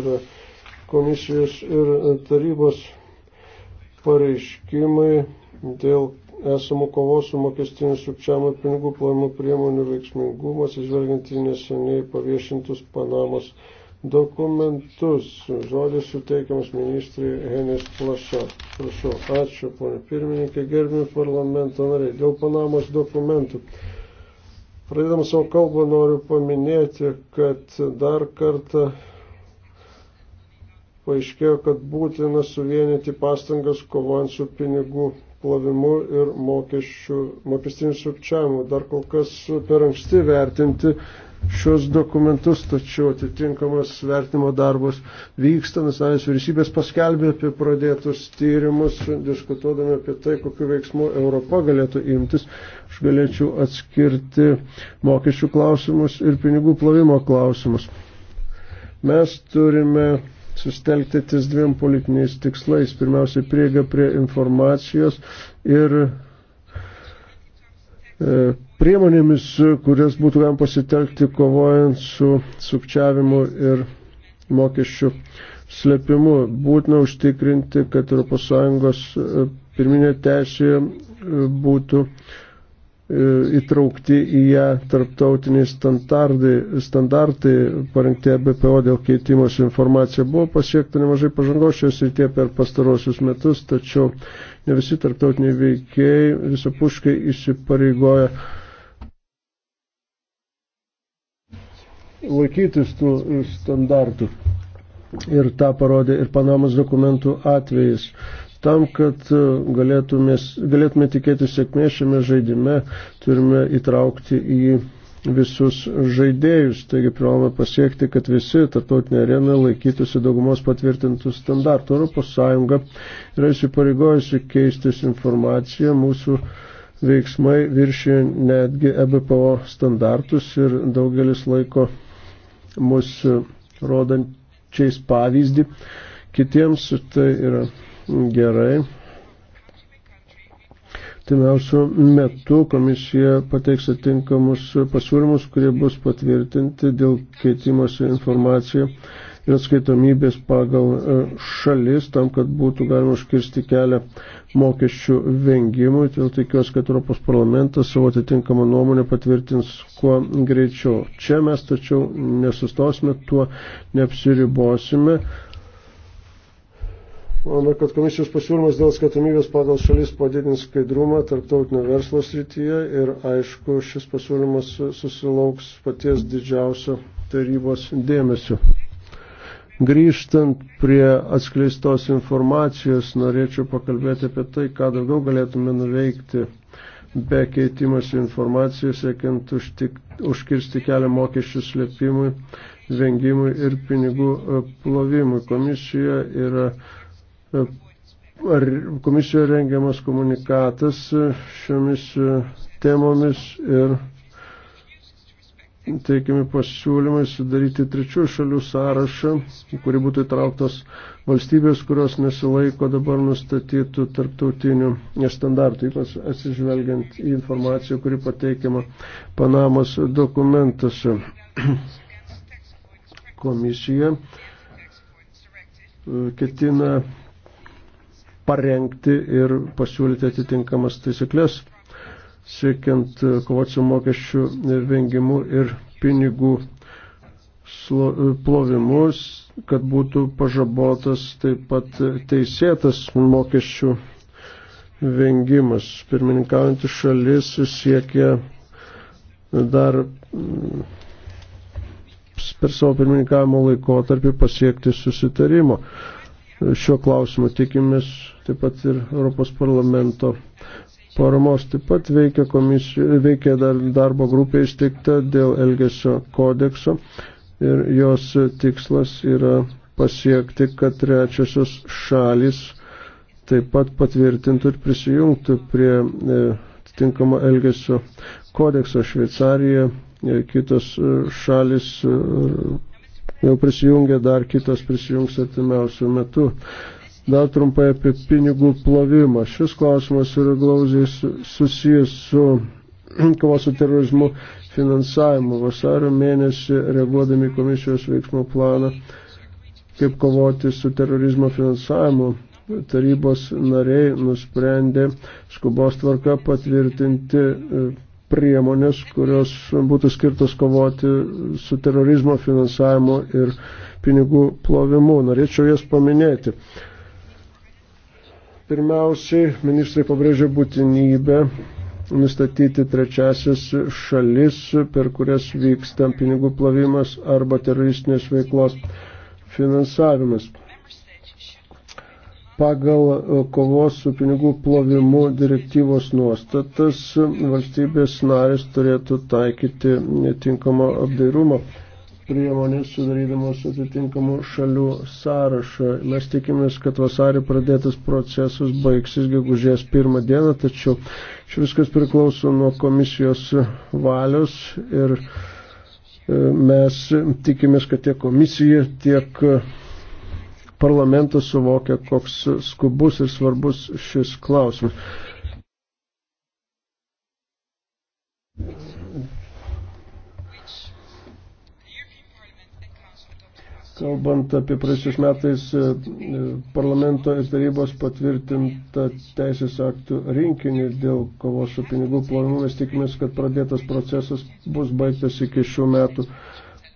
yra komisijos ir tarybos pareiškimai dėl esamų kovos su mokestiniu sukčiavimu ir pinigų plovimo priemonių veiksmingumas, išvelgiant į neseniai paviešintus Panamos dokumentus. Žodis suteikiamas ministrui Henis Plaša. Prašau, ačiū, ponė pirmininkė, gerbimi parlamento nariai. Dėl Panamos dokumentų. Pradėdamas savo kalbą noriu paminėti, kad dar kartą paaiškėjo, kad būtina suvienyti pastangas kovojant su pinigų plovimu ir mokesčių, mokestiniu sukčiavimu. Dar kol kas per anksti vertinti šios dokumentus, tačiau atitinkamas vertimo darbas vyksta, nacionalinės vyriausybės paskelbė apie pradėtus tyrimus, diskutuodami apie tai, kokiu veiksmu Europa galėtų imtis. Aš galėčiau atskirti mokesčių klausimus ir pinigų plovimo klausimus. Mes turime sustelkti ties dviem politiniais tikslais. Pirmiausia, prieiga prie informacijos ir e, priemonėmis, kurias būtų galima pasitelkti kovojant su sukčiavimu ir mokesčių slėpimu. Būtina užtikrinti, kad ES e, pirminė teisė e, būtų uh, E, įtraukti į ją tarptautiniai standartai, standartai parengti e BPO dėl keitimos informacija. Buvo pasiekta nemažai pažangos šios rytie per pastarosius metus, tačiau ne visi tarptautiniai veikėjai visapuškai įsipareigoja laikytis tų standartų. Ir tą parodė ir Panamos dokumentų atvejais. Tam, kad e, galėtume, galėtume tikėti sėkmė šiame žaidime, turime įtraukti į visus žaidėjus. Taigi privalome pasiekti, kad visi tarptautinė arena laikytųsi daugumos patvirtintų standartų. Europos Sąjunga yra įsipareigojusi keistis informaciją mūsų veiksmai viršė netgi EBPO standartus ir daugelis laiko mus e, rodančiais pavyzdį kitiems. Tai yra Gerai. Timiausių metų komisija pateiks atinkamus pasiūlymus, kurie bus patvirtinti dėl keitimosi informaciją ir atskaitomybės pagal e, šalis, tam, kad būtų galima užkirsti kelią mokesčių vengimui. Todėl tikiuosi, kad Europos parlamentas savo atitinkamą nuomonę patvirtins kuo greičiau. Čia mes tačiau nesustosime, tuo neapsiribosime. Manome, kad komisijos pasiūlymas dėl skatomybės pagal šalis padidins skaidrumą tarptautinio verslo srityje ir aišku, šis pasiūlymas susilauks paties didžiausio tarybos dėmesio. Grįžtant prie atskleistos informacijos, norėčiau pakalbėti apie tai, ką daugiau galėtume nuveikti be keitimas informacijų, siekiant užtik, užkirsti kelią mokesčių slėpimui, vengimui ir pinigų e, plovimui. Komisija yra ar komisijoje rengiamas komunikatas šiomis temomis ir teikiami pasiūlymai sudaryti trečių šalių sąrašą, į kurį būtų įtrauktos valstybės, kurios nesilaiko dabar nustatytų tarptautinių standartų, ypač atsižvelgiant į informaciją, kuri pateikiama Panamos dokumentuose. Komisija ketina parengti ir pasiūlyti atitinkamas taisyklės, siekiant kovoti su mokesčių vengimu ir pinigų plovimus, kad būtų pažabotas taip pat teisėtas mokesčių vengimas. Pirmininkaujantis šalis siekia dar mm, per savo pirmininkavimo laikotarpį pasiekti susitarimo šiuo klausimu. Tikimės taip pat ir Europos parlamento paramos. Taip pat veikia, komisijų, veikia dar, darbo grupė įsteigta dėl Elgesio kodekso ir jos tikslas yra pasiekti, kad trečiosios šalis taip pat patvirtintų ir prisijungtų prie e, atitinkamo elgesio kodekso Šveicarija, e, kitos e, šalis jau prisijungė, dar kitas prisijungs artimiausių metų. Dar trumpai apie pinigų plovimą. Šis klausimas yra glauziai susijęs su kovos su terorizmu finansavimu. Vasario mėnesį reaguodami komisijos veiksmų planą, kaip kovoti su terorizmo finansavimu, tarybos nariai nusprendė skubos tvarka patvirtinti e, priemonės, kurios būtų skirtos kovoti su terorizmo finansavimu ir pinigų plovimu. Norėčiau jas paminėti. Pirmiausiai, ministrai pabrėžė būtinybę nustatyti trečiasis šalis, per kurias vyksta pinigų plovimas arba teroristinės veiklos finansavimas pagal e, kovos su pinigų plovimu direktyvos nuostatas e, valstybės narės turėtų taikyti netinkamo apdairumo priemonės sudarydamos atitinkamų šalių sąrašą. Mes tikimės, kad vasarį pradėtas procesas baigsis gegužės pirmą dieną, tačiau čia viskas priklauso nuo komisijos valios ir e, mes tikimės, kad tiek komisija, tiek parlamentas suvokia, koks skubus ir svarbus šis klausimas. Kalbant apie praėjusiais metais e, e, parlamento ir tarybos patvirtintą teisės aktų rinkinį dėl kovos su pinigų plovimu, mes tikimės, kad pradėtas procesas bus baigtas iki šių metų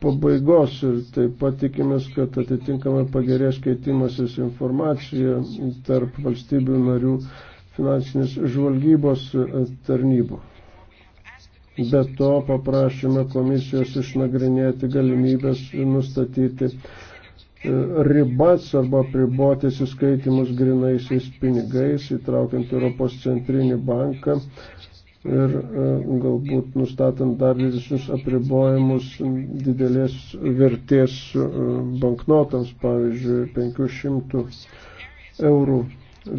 pabaigos ir taip pat tikimės, kad atitinkamai pagerės keitimasis informacija tarp valstybių narių finansinės žvalgybos tarnybų. Be to paprašėme komisijos išnagrinėti galimybės nustatyti e, ribas arba priboti įsiskaitimus grinaisiais pinigais, įtraukiant Europos centrinį banką ir e, galbūt nustatant dar didesnius apribojimus didelės vertės e, banknotams, pavyzdžiui, 500 eurų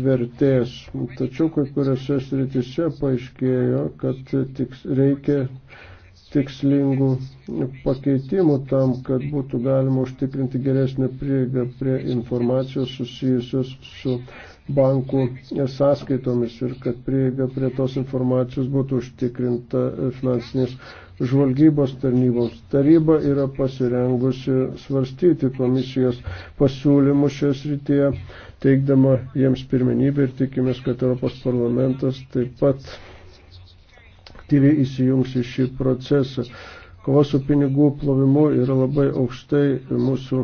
vertės. Tačiau kai kuriuose sritise paaiškėjo, kad tiks, reikia tikslingų pakeitimų tam, kad būtų galima užtikrinti geresnę prieigą prie informacijos susijusios su bankų sąskaitomis ir kad prieiga prie tos informacijos būtų užtikrinta finansinės žvalgybos tarnyboms. Taryba yra pasirengusi svarstyti komisijos pasiūlymus šioje srityje, teikdama jiems pirmenybę ir tikimės, kad Europos parlamentas taip pat aktyviai įsijungs į šį procesą. Kova su pinigų plovimu yra labai aukštai mūsų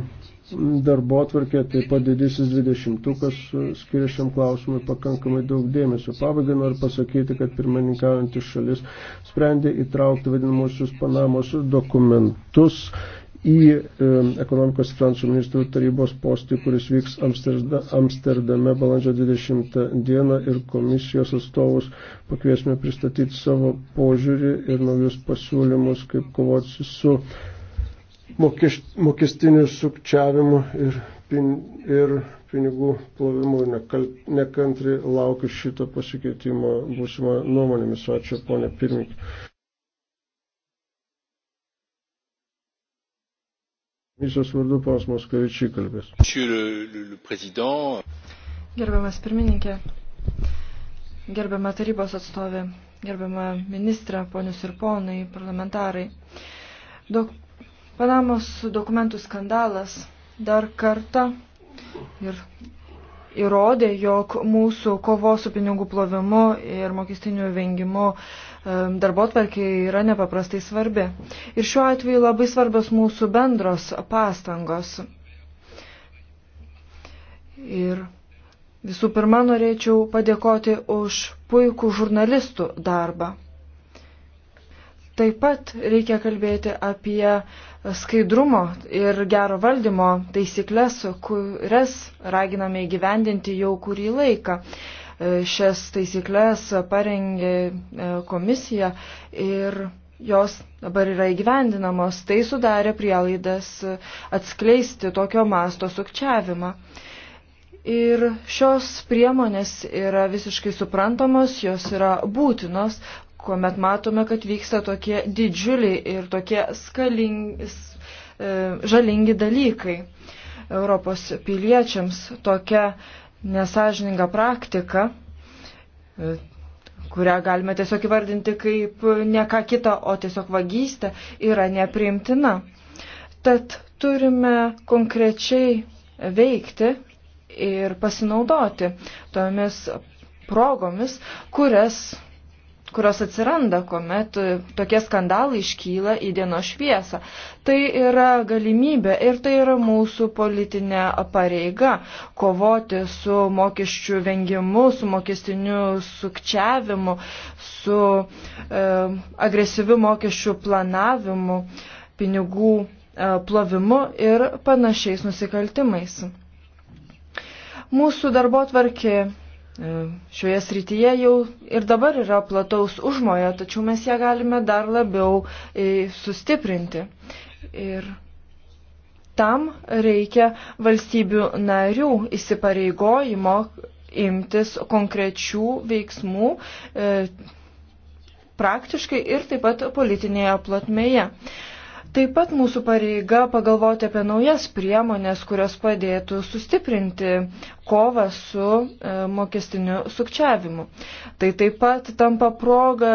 darbo atvarkė, taip pat didysis dvidešimtukas e, skiria šiam klausimui pakankamai daug dėmesio. Pabaigai noriu pasakyti, kad pirmininkaujantis šalis sprendė įtraukti vadinamosius Panamos dokumentus į e, ekonomikos finansų ministrų tarybos postį, kuris vyks Amsterdame balandžio 20 dieną ir komisijos atstovus pakviesime pristatyti savo požiūrį ir naujus pasiūlymus, kaip kovoti su mokestinių sukčiavimų ir, pin, ir pinigų plovimų. Nekantri laukiu šito pasikeitimo būsimo nuomonėmis. Ačiū, ponė pirmininkė. Komisijos vardu panas Moskavičiai kalbės. Gerbiamas pirmininkė, gerbiama tarybos atstovė, gerbiama ministra, ponius ir ponai, parlamentarai. Daug Panamos dokumentų skandalas dar kartą ir įrodė, jog mūsų kovos su pinigų plovimu ir mokestiniu vengimu darbotvarkė yra nepaprastai svarbi. Ir šiuo atveju labai svarbios mūsų bendros pastangos. Ir visų pirma norėčiau padėkoti už puikų žurnalistų darbą. Taip pat reikia kalbėti apie skaidrumo ir gero valdymo taisyklės, kurias raginame įgyvendinti jau kurį laiką. E, šias taisyklės parengė e, komisija ir jos dabar yra įgyvendinamos. Tai sudarė prielaidas atskleisti tokio masto sukčiavimą. Ir šios priemonės yra visiškai suprantamos, jos yra būtinos, kuomet matome, kad vyksta tokie didžiuliai ir tokie skalingi, e, žalingi dalykai Europos piliečiams, tokia nesažininga praktika, e, kurią galime tiesiog įvardinti kaip ne ką kitą, o tiesiog vagystę, yra nepriimtina. Tad turime konkrečiai veikti ir pasinaudoti tomis progomis, kurias kurios atsiranda, kuomet e, tokie skandalai iškyla į dieno šviesą. Tai yra galimybė ir tai yra mūsų politinė pareiga kovoti su mokesčių vengimu, su mokestiniu sukčiavimu, su e, agresyviu mokesčių planavimu, pinigų e, plovimu ir panašiais nusikaltimais. Mūsų darbo tvarkė E, šioje srityje jau ir dabar yra plataus užmojo, tačiau mes ją galime dar labiau e, sustiprinti. Ir tam reikia valstybių narių įsipareigojimo imtis konkrečių veiksmų e, praktiškai ir taip pat politinėje platmeje. Taip pat mūsų pareiga pagalvoti apie naujas priemonės, kurios padėtų sustiprinti kovą su e, mokestiniu sukčiavimu. Tai taip pat tampa proga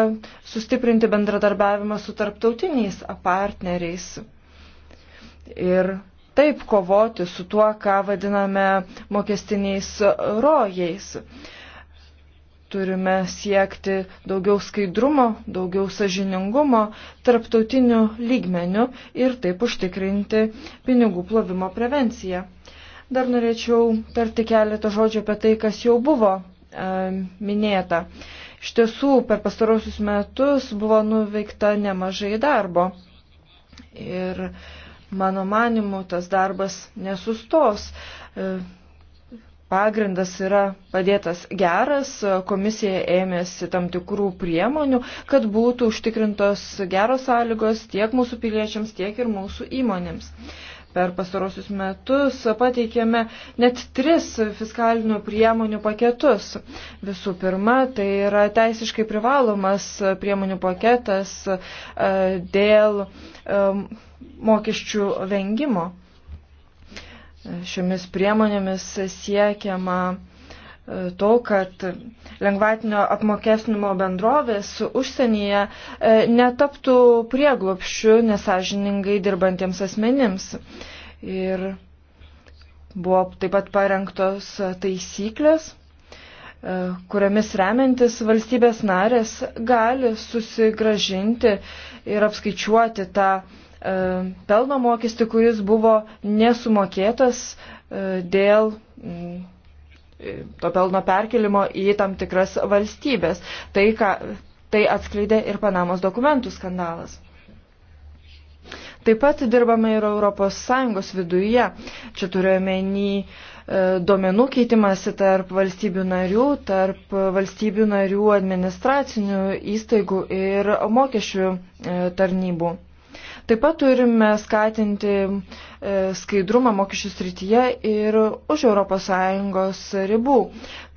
sustiprinti bendradarbiavimą su tarptautiniais partneriais. Ir taip kovoti su tuo, ką vadiname mokestiniais rojais. E, Turime siekti daugiau skaidrumo, daugiau sažiningumo tarptautinių lygmenių ir taip užtikrinti pinigų plovimo prevenciją. Dar norėčiau tarti keletą žodžių apie tai, kas jau buvo e, minėta. Iš tiesų, per pastarosius metus buvo nuveikta nemažai darbo. Ir mano manimu, tas darbas nesustos. E, pagrindas yra padėtas geras, komisija ėmėsi tam tikrų priemonių, kad būtų užtikrintos geros sąlygos tiek mūsų piliečiams, tiek ir mūsų įmonėms. Per pastarosius metus pateikėme net tris fiskalinių priemonių paketus. Visų pirma, tai yra teisiškai privalomas priemonių paketas e, dėl e, mokesčių vengimo šiomis priemonėmis siekiama e, to, kad lengvatinio apmokestinimo bendrovės užsienyje e, netaptų prieglopščių nesažiningai dirbantiems asmenims. Ir buvo taip pat parengtos taisyklės, e, kuriamis remiantis valstybės narės gali susigražinti ir apskaičiuoti tą E, pelno mokestį, kuris buvo nesumokėtas e, dėl mm, e, to pelno perkelimo į tam tikras valstybės. Tai, ką, tai atskleidė ir Panamos dokumentų skandalas. Taip pat dirbame ir ES viduje. Čia turiuomenį duomenų keitimąsi tarp valstybių narių, tarp valstybių narių administracinių įstaigų ir mokesčių tarnybų. Taip pat turime skatinti e, skaidrumą mokesčių srityje ir už ES ribų.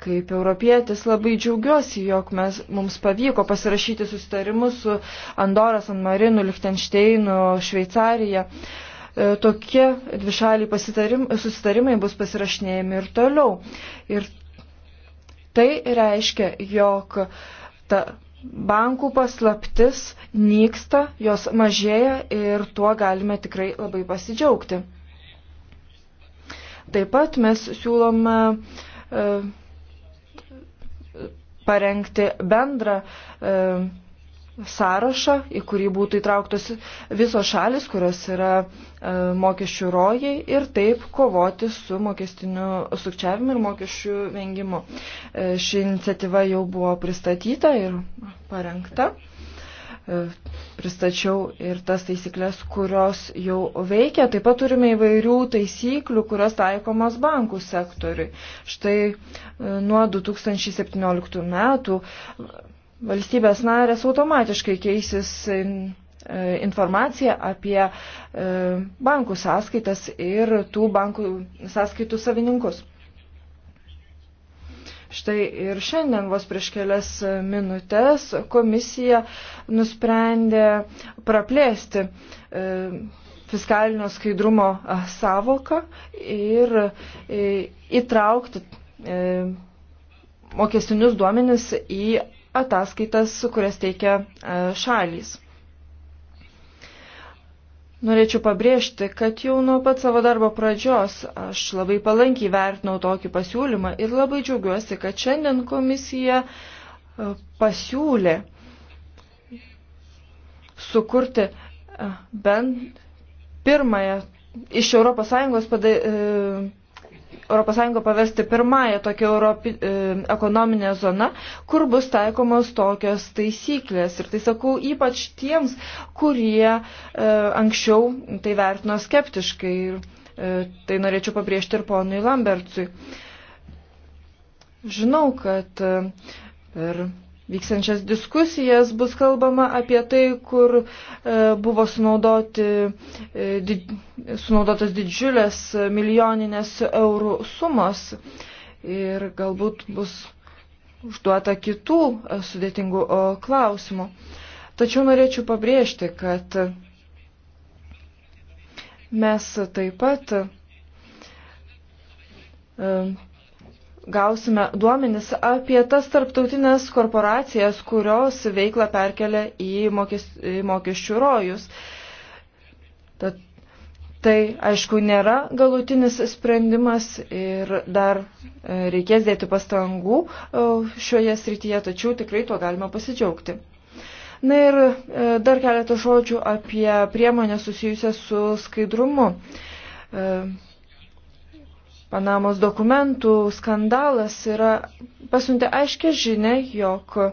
Kaip europietis labai džiaugiuosi, jog mes, mums pavyko pasirašyti susitarimus su Andorą, San Marinu, Lichtensteinu, Šveicarija. E, tokie dvišaliai susitarimai bus pasirašinėjami ir toliau. Ir tai reiškia, jog ta bankų paslaptis nyksta, jos mažėja ir tuo galime tikrai labai pasidžiaugti. Taip pat mes siūlome e, parengti bendrą e, sąrašą, į kurį būtų įtrauktos visos šalis, kurios yra e, mokesčių rojai ir taip kovoti su mokestiniu sukčiavimu ir mokesčių vengimu. E, ši iniciatyva jau buvo pristatyta ir parengta. E, pristačiau ir tas taisyklės, kurios jau veikia. Taip pat turime įvairių taisyklių, kurios taikomas bankų sektoriui. Štai e, nuo 2017 metų valstybės narės automatiškai keisis e, informacija apie e, bankų sąskaitas ir tų bankų sąskaitų savininkus. Štai ir šiandien vos prieš kelias minutės komisija nusprendė praplėsti e, fiskalinio skaidrumo savoką ir įtraukti mokestinius duomenis į ataskaitas, kurias teikia e, šalys. Norėčiau pabrėžti, kad jau nuo pat savo darbo pradžios aš labai palankiai vertinau tokį pasiūlymą ir labai džiaugiuosi, kad šiandien komisija e, pasiūlė sukurti e, bent pirmąją iš ES ES pavesti pirmąją tokią Europi, e, ekonominę zoną, kur bus taikomos tokios taisyklės. Ir tai sakau ypač tiems, kurie e, anksčiau tai vertino skeptiškai. Ir, e, tai norėčiau pabrėžti ir ponui Lambertui. Žinau, kad e, per vyksančias diskusijas bus kalbama apie tai, kur e, buvo sunaudoti, e, di, sunaudotas didžiulės milijoninės eurų sumos ir galbūt bus užduota kitų e, sudėtingų klausimų. Tačiau norėčiau pabrėžti, kad mes taip pat e, gausime duomenis apie tas tarptautinės korporacijas, kurios veiklą perkelia į, mokes, į mokesčių rojus. Tad, tai, aišku, nėra galutinis sprendimas ir dar e, reikės dėti pastangų e, šioje srityje, tačiau tikrai tuo galima pasidžiaugti. Na ir e, dar keletą žodžių apie priemonę susijusią su skaidrumu. E, Panamos dokumentų skandalas yra pasiuntė aiškę žinę, jog e,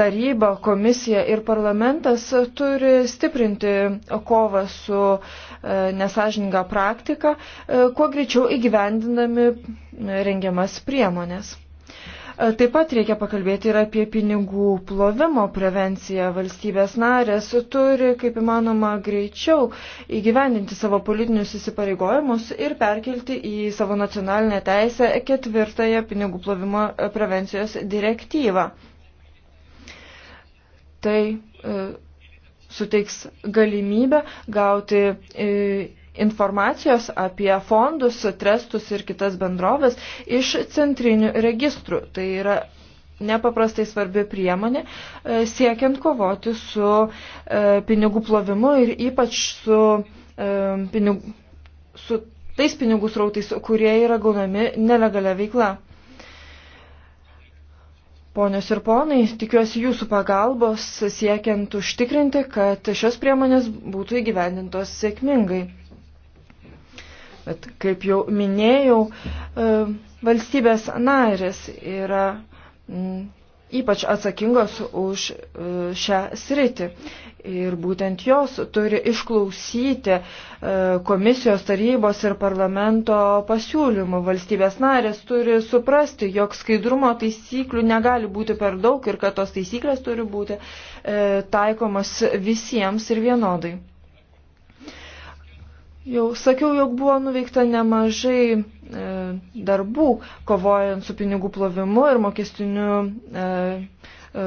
taryba, komisija ir parlamentas turi stiprinti kovą su e, nesažininga praktika, e, kuo greičiau įgyvendinami rengiamas priemonės. E, taip pat reikia pakalbėti ir apie pinigų plovimo prevenciją. Valstybės narės turi, kaip įmanoma, greičiau įgyvendinti savo politinius įsipareigojimus ir perkelti į savo nacionalinę teisę ketvirtąją pinigų plovimo prevencijos direktyvą. Tai e, suteiks galimybę gauti. E, informacijos apie fondus, trestus ir kitas bendrovės iš centrinių registrų. Tai yra nepaprastai svarbi priemonė e, siekiant kovoti su e, pinigų plovimu ir ypač su, e, pinigų, su tais pinigų srautais, kurie yra gaunami nelegalia veikla. Ponios ir ponai, tikiuosi jūsų pagalbos siekiant užtikrinti, kad šios priemonės būtų įgyvendintos sėkmingai. Bet kaip jau minėjau, e, valstybės narės yra ypač atsakingos už e, šią sritį. Ir būtent jos turi išklausyti e, komisijos tarybos ir parlamento pasiūlymų. Valstybės narės turi suprasti, jog skaidrumo taisyklių negali būti per daug ir kad tos taisyklės turi būti taikomos visiems ir vienodai. Jau sakiau, jog buvo nuveikta nemažai e, darbų kovojant su pinigų plovimu ir mokestiniu e, e,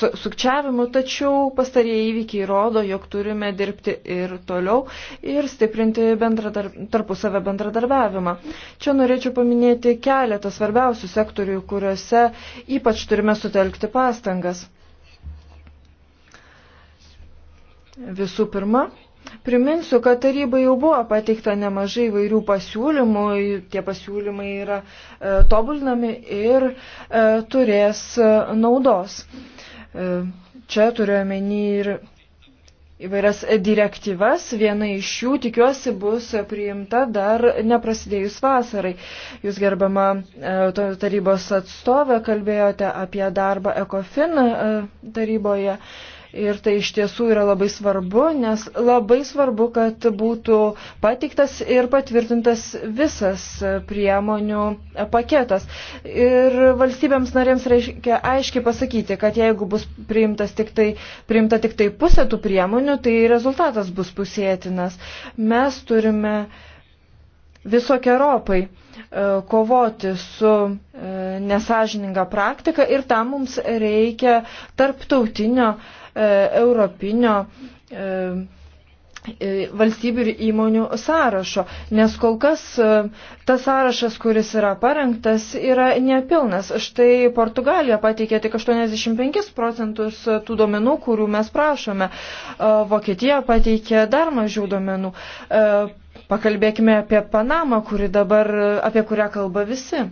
su, sukčiavimu, tačiau pastarieji įvykiai rodo, jog turime dirbti ir toliau ir stiprinti bendradar, tarpusavę bendradarbiavimą. Čia norėčiau paminėti keletą svarbiausių sektorių, kuriuose ypač turime sutelkti pastangas. Visų pirma, Priminsiu, kad tarybai jau buvo pateikta nemažai vairių pasiūlymų, tie pasiūlymai yra e, tobulinami ir e, turės e, naudos. E, čia turiuomenį ir įvairias direktyvas, viena iš jų tikiuosi bus priimta dar neprasidėjus vasarai. Jūs gerbama e, tarybos atstovė kalbėjote apie darbą ECOFIN e, taryboje. E, Ir tai iš tiesų yra labai svarbu, nes labai svarbu, kad būtų patiktas ir patvirtintas visas priemonių paketas. Ir valstybėms narėms reikia aiškiai pasakyti, kad jeigu bus priimtas tik tai, priimta tik tai pusė tų priemonių, tai rezultatas bus pusėtinas. Mes turime visokieropai e, kovoti su e, nesažininga praktika ir tam mums reikia tarptautinio uh, E, europinio e, e, valstybių ir įmonių sąrašo, nes kol kas tas sąrašas, kuris yra parengtas, yra nepilnas. Štai Portugalija pateikė tik 85 procentus tų domenų, kurių mes prašome. Vokietija pateikė dar mažiau domenų. Pakalbėkime apie Panamą, kuri dabar, apie kurią kalba visi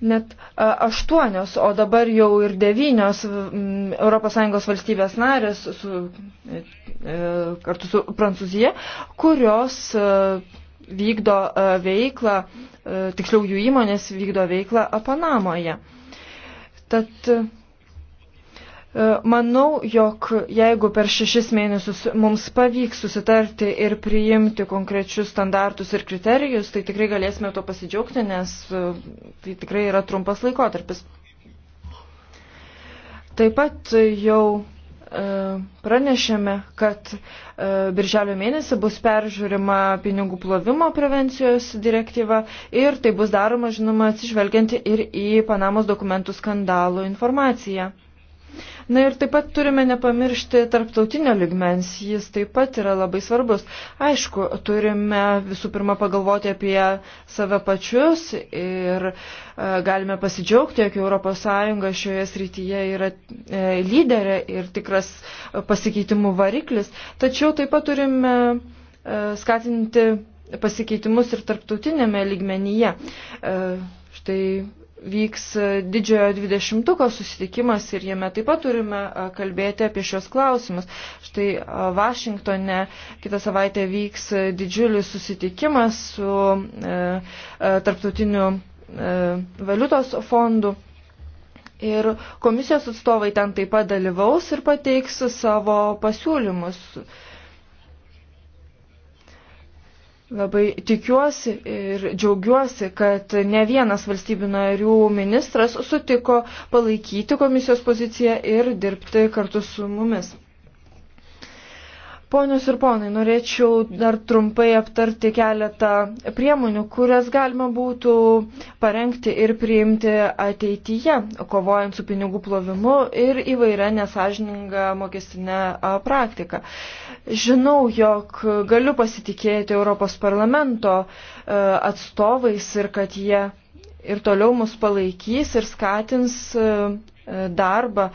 net aštuonios, o dabar jau ir devynios ES valstybės narės su, e, e, kartu su Prancūzija, kurios vykdo veiklą, tiksliau jų įmonės vykdo veiklą Panamoje. Tad E, manau, jog jeigu per šešis mėnesius mums pavyks susitarti ir priimti konkrečius standartus ir kriterijus, tai tikrai galėsime to pasidžiaugti, nes e, tai tikrai yra trumpas laikotarpis. Taip pat jau e, pranešėme, kad birželio mėnesį bus peržiūrima pinigų plovimo prevencijos direktyva ir tai bus daroma, žinoma, atsižvelgianti ir į Panamos dokumentų skandalų informaciją. Na ir taip pat turime nepamiršti tarptautinio ligmens, jis taip pat yra labai svarbus. Aišku, turime visų pirma pagalvoti apie save pačius ir e, galime pasidžiaugti, jog ES šioje srityje yra e, lyderė ir tikras pasikeitimų variklis. Tačiau taip pat turime e, skatinti pasikeitimus ir tarptautinėme lygmenyje. E, štai vyks didžiojo dvidešimtuko susitikimas ir jame taip pat turime kalbėti apie šios klausimus. Štai Vašingtone kitą savaitę vyks didžiulis susitikimas su e, e, tarptautiniu e, valiutos fondu. Ir komisijos atstovai ten taip pat dalyvaus ir pateiks savo pasiūlymus. E, Labai tikiuosi ir džiaugiuosi, kad ne vienas valstybių narių ministras sutiko palaikyti komisijos poziciją ir dirbti kartu su mumis. Ponios ir ponai, norėčiau dar trumpai aptarti keletą priemonių, kurias galima būtų parengti ir priimti ateityje, kovojant su pinigų plovimu ir įvairia nesažininga mokestinė praktika. Žinau, jog galiu pasitikėti Europos parlamento atstovais ir kad jie ir toliau mus palaikys ir skatins darbą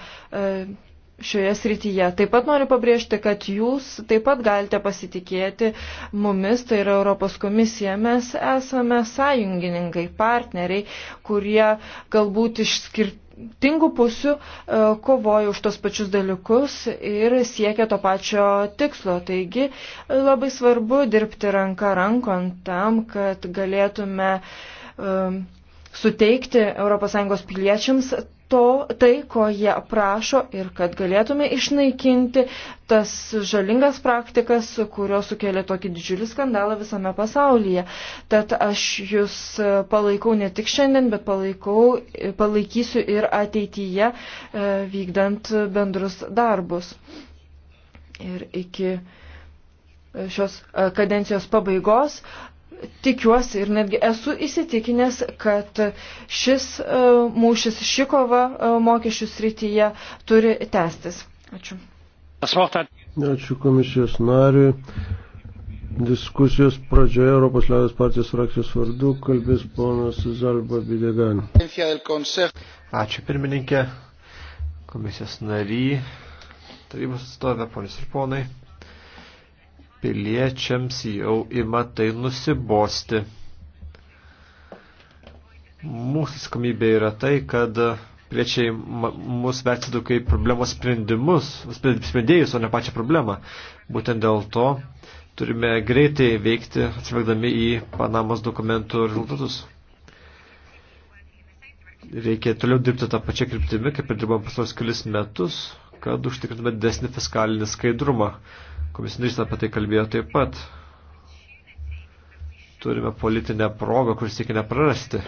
šioje srityje. Taip pat noriu pabrėžti, kad jūs taip pat galite pasitikėti mumis, tai yra Europos komisija. Mes esame sąjungininkai, partneriai, kurie galbūt iš skirtingų pusių e, kovoja už tos pačius dalykus ir siekia to pačio tikslo. Taigi labai svarbu dirbti ranką rankon tam, kad galėtume um, suteikti ES piliečiams to, tai, ko jie prašo ir kad galėtume išnaikinti tas žalingas praktikas, kurios sukėlė tokį didžiulį skandalą visame pasaulyje. Tad aš jūs palaikau ne tik šiandien, bet palaikau, palaikysiu ir ateityje e, vykdant bendrus darbus. Ir iki šios e, kadencijos pabaigos tikiuosi ir netgi esu įsitikinęs, kad šis e, mūšis, ši kova e, mokesčių srityje turi tęstis. Ačiū. Ačiū komisijos nariui. Diskusijos pradžioje Europos liaudės partijos frakcijos vardu kalbės ponas Zalba Bidegan. Ačiū pirmininkė, komisijos nary, tarybos atstovė, ponis ir ponai piliečiams jau ima tai nusibosti. Mūsų skamybė yra tai, kad piliečiai mus vertintų kaip problemos sprendimus, sprendėjus, o ne pačią problemą. Būtent dėl to turime greitai veikti, atsivegdami į Panamos dokumentų rezultatus. Reikia toliau dirbti tą pačią kryptimį, kaip ir dirbam pasos kelis metus, kad užtikrintume didesnį fiskalinį skaidrumą. Komisinys apie tai kalbėjo taip pat. Turime politinę progą, kuris siekia neprarasti.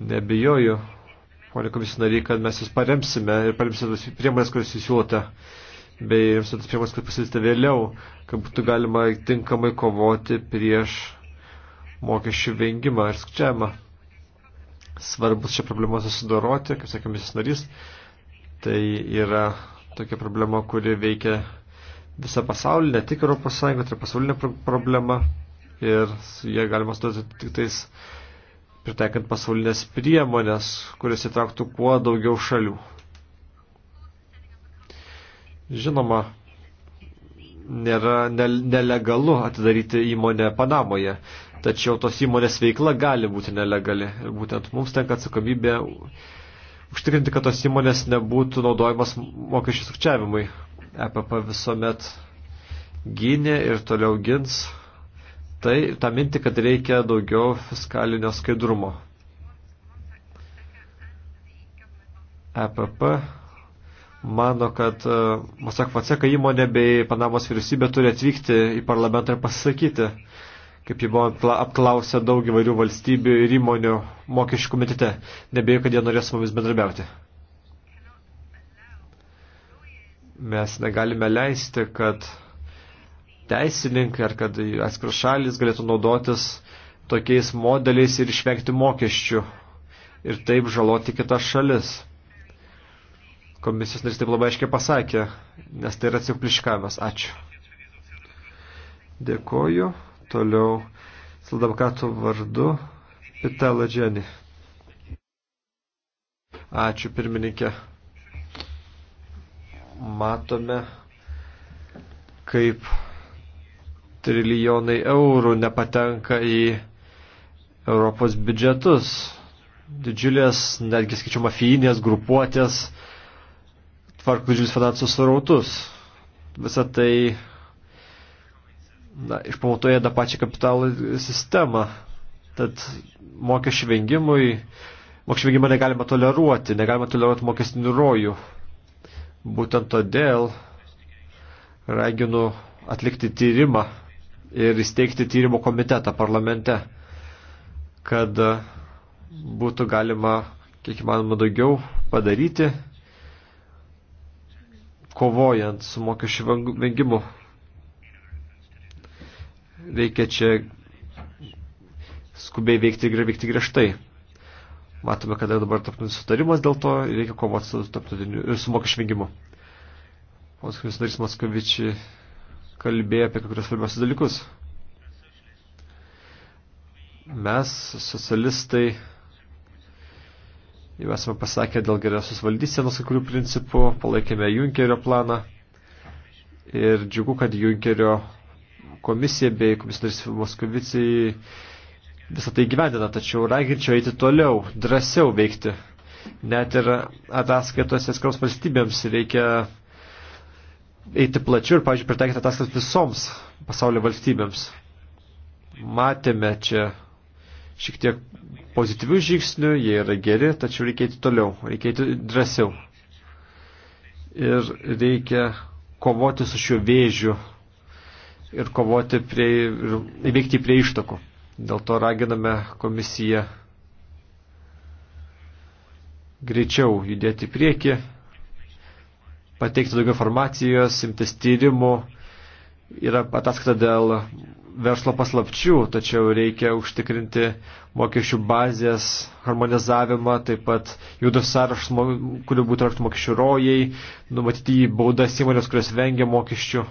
Nebijoju, ponė komisinariai, kad mes jūs paremsime ir paremsime tas priemonės, kuris jūs siūlote, bei remsime tas priemonės, kuris pasisite vėliau, kad būtų galima tinkamai kovoti prieš mokesčių vengimą ir skčiavimą svarbus šią problemą susidoroti, kaip sakė misis narys, Tai yra tokia problema, kuri veikia visą pasaulį, ne tik Europos Sąjungą, tai pasaulinė problema ir su jie galima sudėti tik tais pritaikant pasaulinės priemonės, kurias įtrauktų kuo daugiau šalių. Žinoma, nėra ne, nelegalu atidaryti įmonę Panamoje, tačiau tos įmonės veikla gali būti nelegali. Ir būtent mums tenka atsakomybė užtikrinti, kad tos įmonės nebūtų naudojamas mokesčių sukčiavimui. EPP visuomet gynė ir toliau gins tai, tą mintį, kad reikia daugiau fiskalinio skaidrumo. EPP mano, kad e, Mosak Vatseka įmonė bei Panamos vyriausybė turi atvykti į parlamentą ir pasisakyti kaip ji buvo apklausę daug įvairių valstybių ir įmonių mokesčių komitete. Nebėjau, kad jie norės su mumis bendrabiauti. Mes negalime leisti, kad teisininkai ar kad atskiros šalis galėtų naudotis tokiais modeliais ir išvengti mokesčių ir taip žaloti kitas šalis. Komisijos narys taip labai aiškiai pasakė, nes tai yra atsipliškavimas. Ačiū. Dėkoju. Toliau Saldavkato vardu Pitela Dženi. Ačiū pirmininkė. Matome, kaip trilijonai eurų nepatenka į Europos biudžetus. Didžiulės, netgi skaičiu, mafijinės grupuotės tvarko didžiulis finansų srautus. Visą tai na, išpamatuoja tą pačią kapitalų sistemą. Tad mokesčių vengimui, mokesčių vengimą negalima toleruoti, negalima toleruoti mokestinių rojų. Būtent todėl raginu atlikti tyrimą ir įsteigti tyrimo komitetą parlamente, kad būtų galima kiek įmanoma daugiau padaryti, kovojant su mokesčių vengimu reikia čia skubiai veikti ir veikti griežtai. Matome, kad dabar tarptautinis sutarimas dėl to ir reikia kovoti su tarptautiniu ir su mokesčių vengimu. Ponas komisaris Moskovičiai kalbėjo apie kai kurios svarbiausius dalykus. Mes, socialistai, jau esame pasakę dėl geriausios valdysenos kai kurių principų, palaikėme Junkerio planą ir džiugu, kad Junkerio komisija bei komisaris Moskovicijai visą tai gyvendina, tačiau raginčiau eiti toliau, drąsiau veikti. Net ir ataskaitose skroms valstybėms reikia eiti plačiu ir, pavyzdžiui, pritaikyti ataskaitas visoms pasaulio valstybėms. Matėme čia šiek tiek pozityvių žingsnių, jie yra geri, tačiau reikia eiti toliau, reikia eiti drąsiau. Ir reikia kovoti su šiuo vėžiu ir kovoti prie, ir įveikti prie ištakų. Dėl to raginame komisiją greičiau judėti į priekį, pateikti daugiau informacijos, imtis tyrimų. Yra ataskaita dėl verslo paslapčių, tačiau reikia užtikrinti mokesčių bazės harmonizavimą, taip pat judus sąrašas, kuriuo būtų raktų mokesčių rojai, numatyti baudas įmonės, kurios vengia mokesčių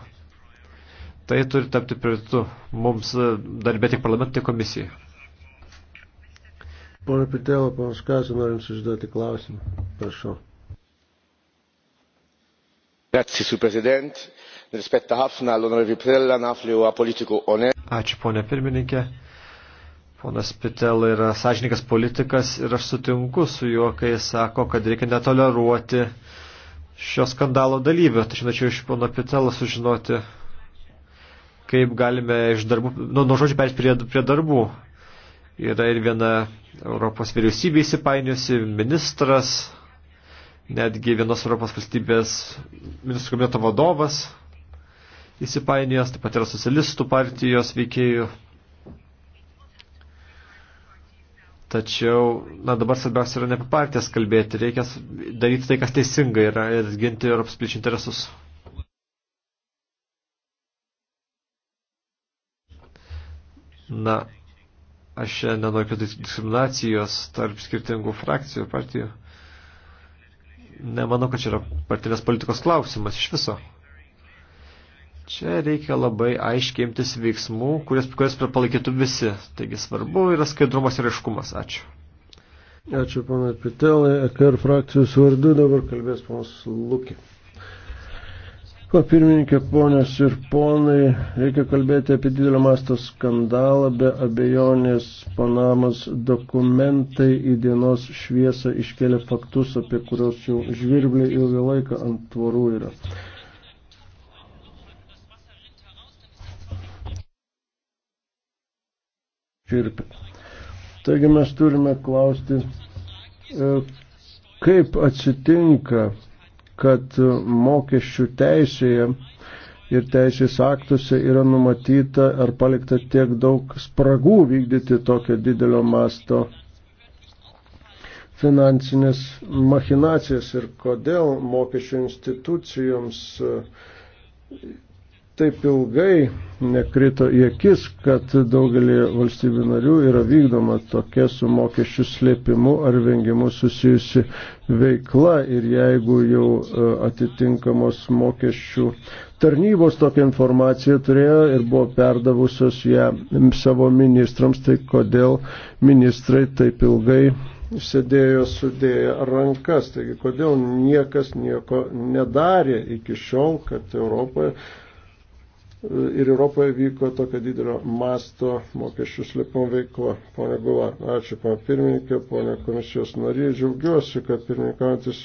Tai turi tapti prioritu mums e, darbė tiek parlamentui, tiek komisijai. Pone Pitėlą, panas Kazį, norim sužduoti klausimą. Prašau. Grazie, su prezident. Rispetta Hafna, l'onorevole Pitella, Nafli, o politico onesto. Ačiū, ponė pirmininkė. Ponas Pitel yra sąžininkas politikas ir aš sutinku su juo, kai jis sako, kad reikia netoleruoti šio skandalo dalyvio. Tačiau norėčiau iš pono Pitelo sužinoti, kaip galime iš darbų, nu, nuo žodžių perėti prie, prie darbų. Yra ir viena Europos vyriausybė įsipainiosi, ministras, netgi vienos Europos valstybės ministrų komiteto vadovas įsipainiojęs, taip pat yra socialistų partijos veikėjų. Tačiau, na dabar svarbiausia yra ne apie partijas kalbėti, reikia daryti tai, kas teisinga yra ir ginti Europos piliečių interesus. Na, aš nenoriu diskriminacijos tarp skirtingų frakcijų ir partijų. Nemanau, kad čia yra partinės politikos klausimas iš viso. Čia reikia labai aiškiai imtis veiksmų, kurias, kurias palaikytų visi. Taigi svarbu yra skaidrumas ir aiškumas. Ačiū. Ačiū, pana Pitelė. EKR frakcijos vardu dabar kalbės panas Lukė. Ko pirmininkė, ponės ir ponai, reikia kalbėti apie didelio masto skandalą, be abejonės Panamos dokumentai į dienos šviesą iškelia faktus, apie kurios jau žvirbliai ilgą laiką ant tvorų yra. Čirpė. Taigi mes turime klausti, e, kaip atsitinka kad mokesčių teisėje ir teisės aktuose yra numatyta ar palikta tiek daug spragų vykdyti tokio didelio masto finansinės machinacijas ir kodėl mokesčių institucijoms taip ilgai nekrito į akis, kad daugelį valstybių narių yra vykdoma tokia su mokesčių slėpimu ar vengimu susijusi veikla ir jeigu jau e, atitinkamos mokesčių tarnybos tokią informaciją turėjo ir buvo perdavusios ją savo ministrams, tai kodėl ministrai taip ilgai sėdėjo sudėję rankas. Taigi, kodėl niekas nieko nedarė iki šiol, kad Europoje ir Europoje vyko tokio didelio masto mokesčių slėpimo veikla. Pone Gula, ačiū, pana pirmininkė, pana komisijos narė, džiaugiuosi, kad pirmininkantis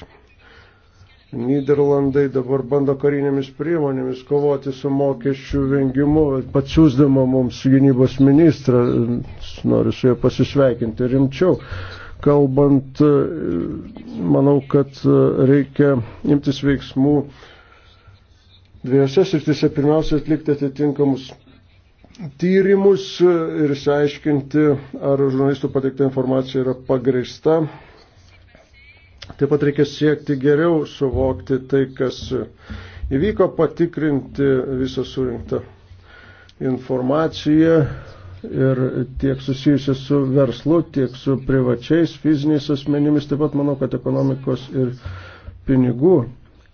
Niderlandai dabar bando karinėmis priemonėmis kovoti su mokesčių vengimu, patsiūsdama mums gynybos ministrą, noriu su juo pasisveikinti rimčiau. Kalbant, manau, kad reikia imtis veiksmų dviejose srityse pirmiausia atlikti atitinkamus tyrimus ir išsiaiškinti, ar žurnalistų pateikta informacija yra pagrįsta. Taip pat reikia siekti geriau suvokti tai, kas įvyko, patikrinti visą surinktą informaciją ir tiek susijusi su verslu, tiek su privačiais fiziniais asmenimis. Taip pat manau, kad ekonomikos ir pinigų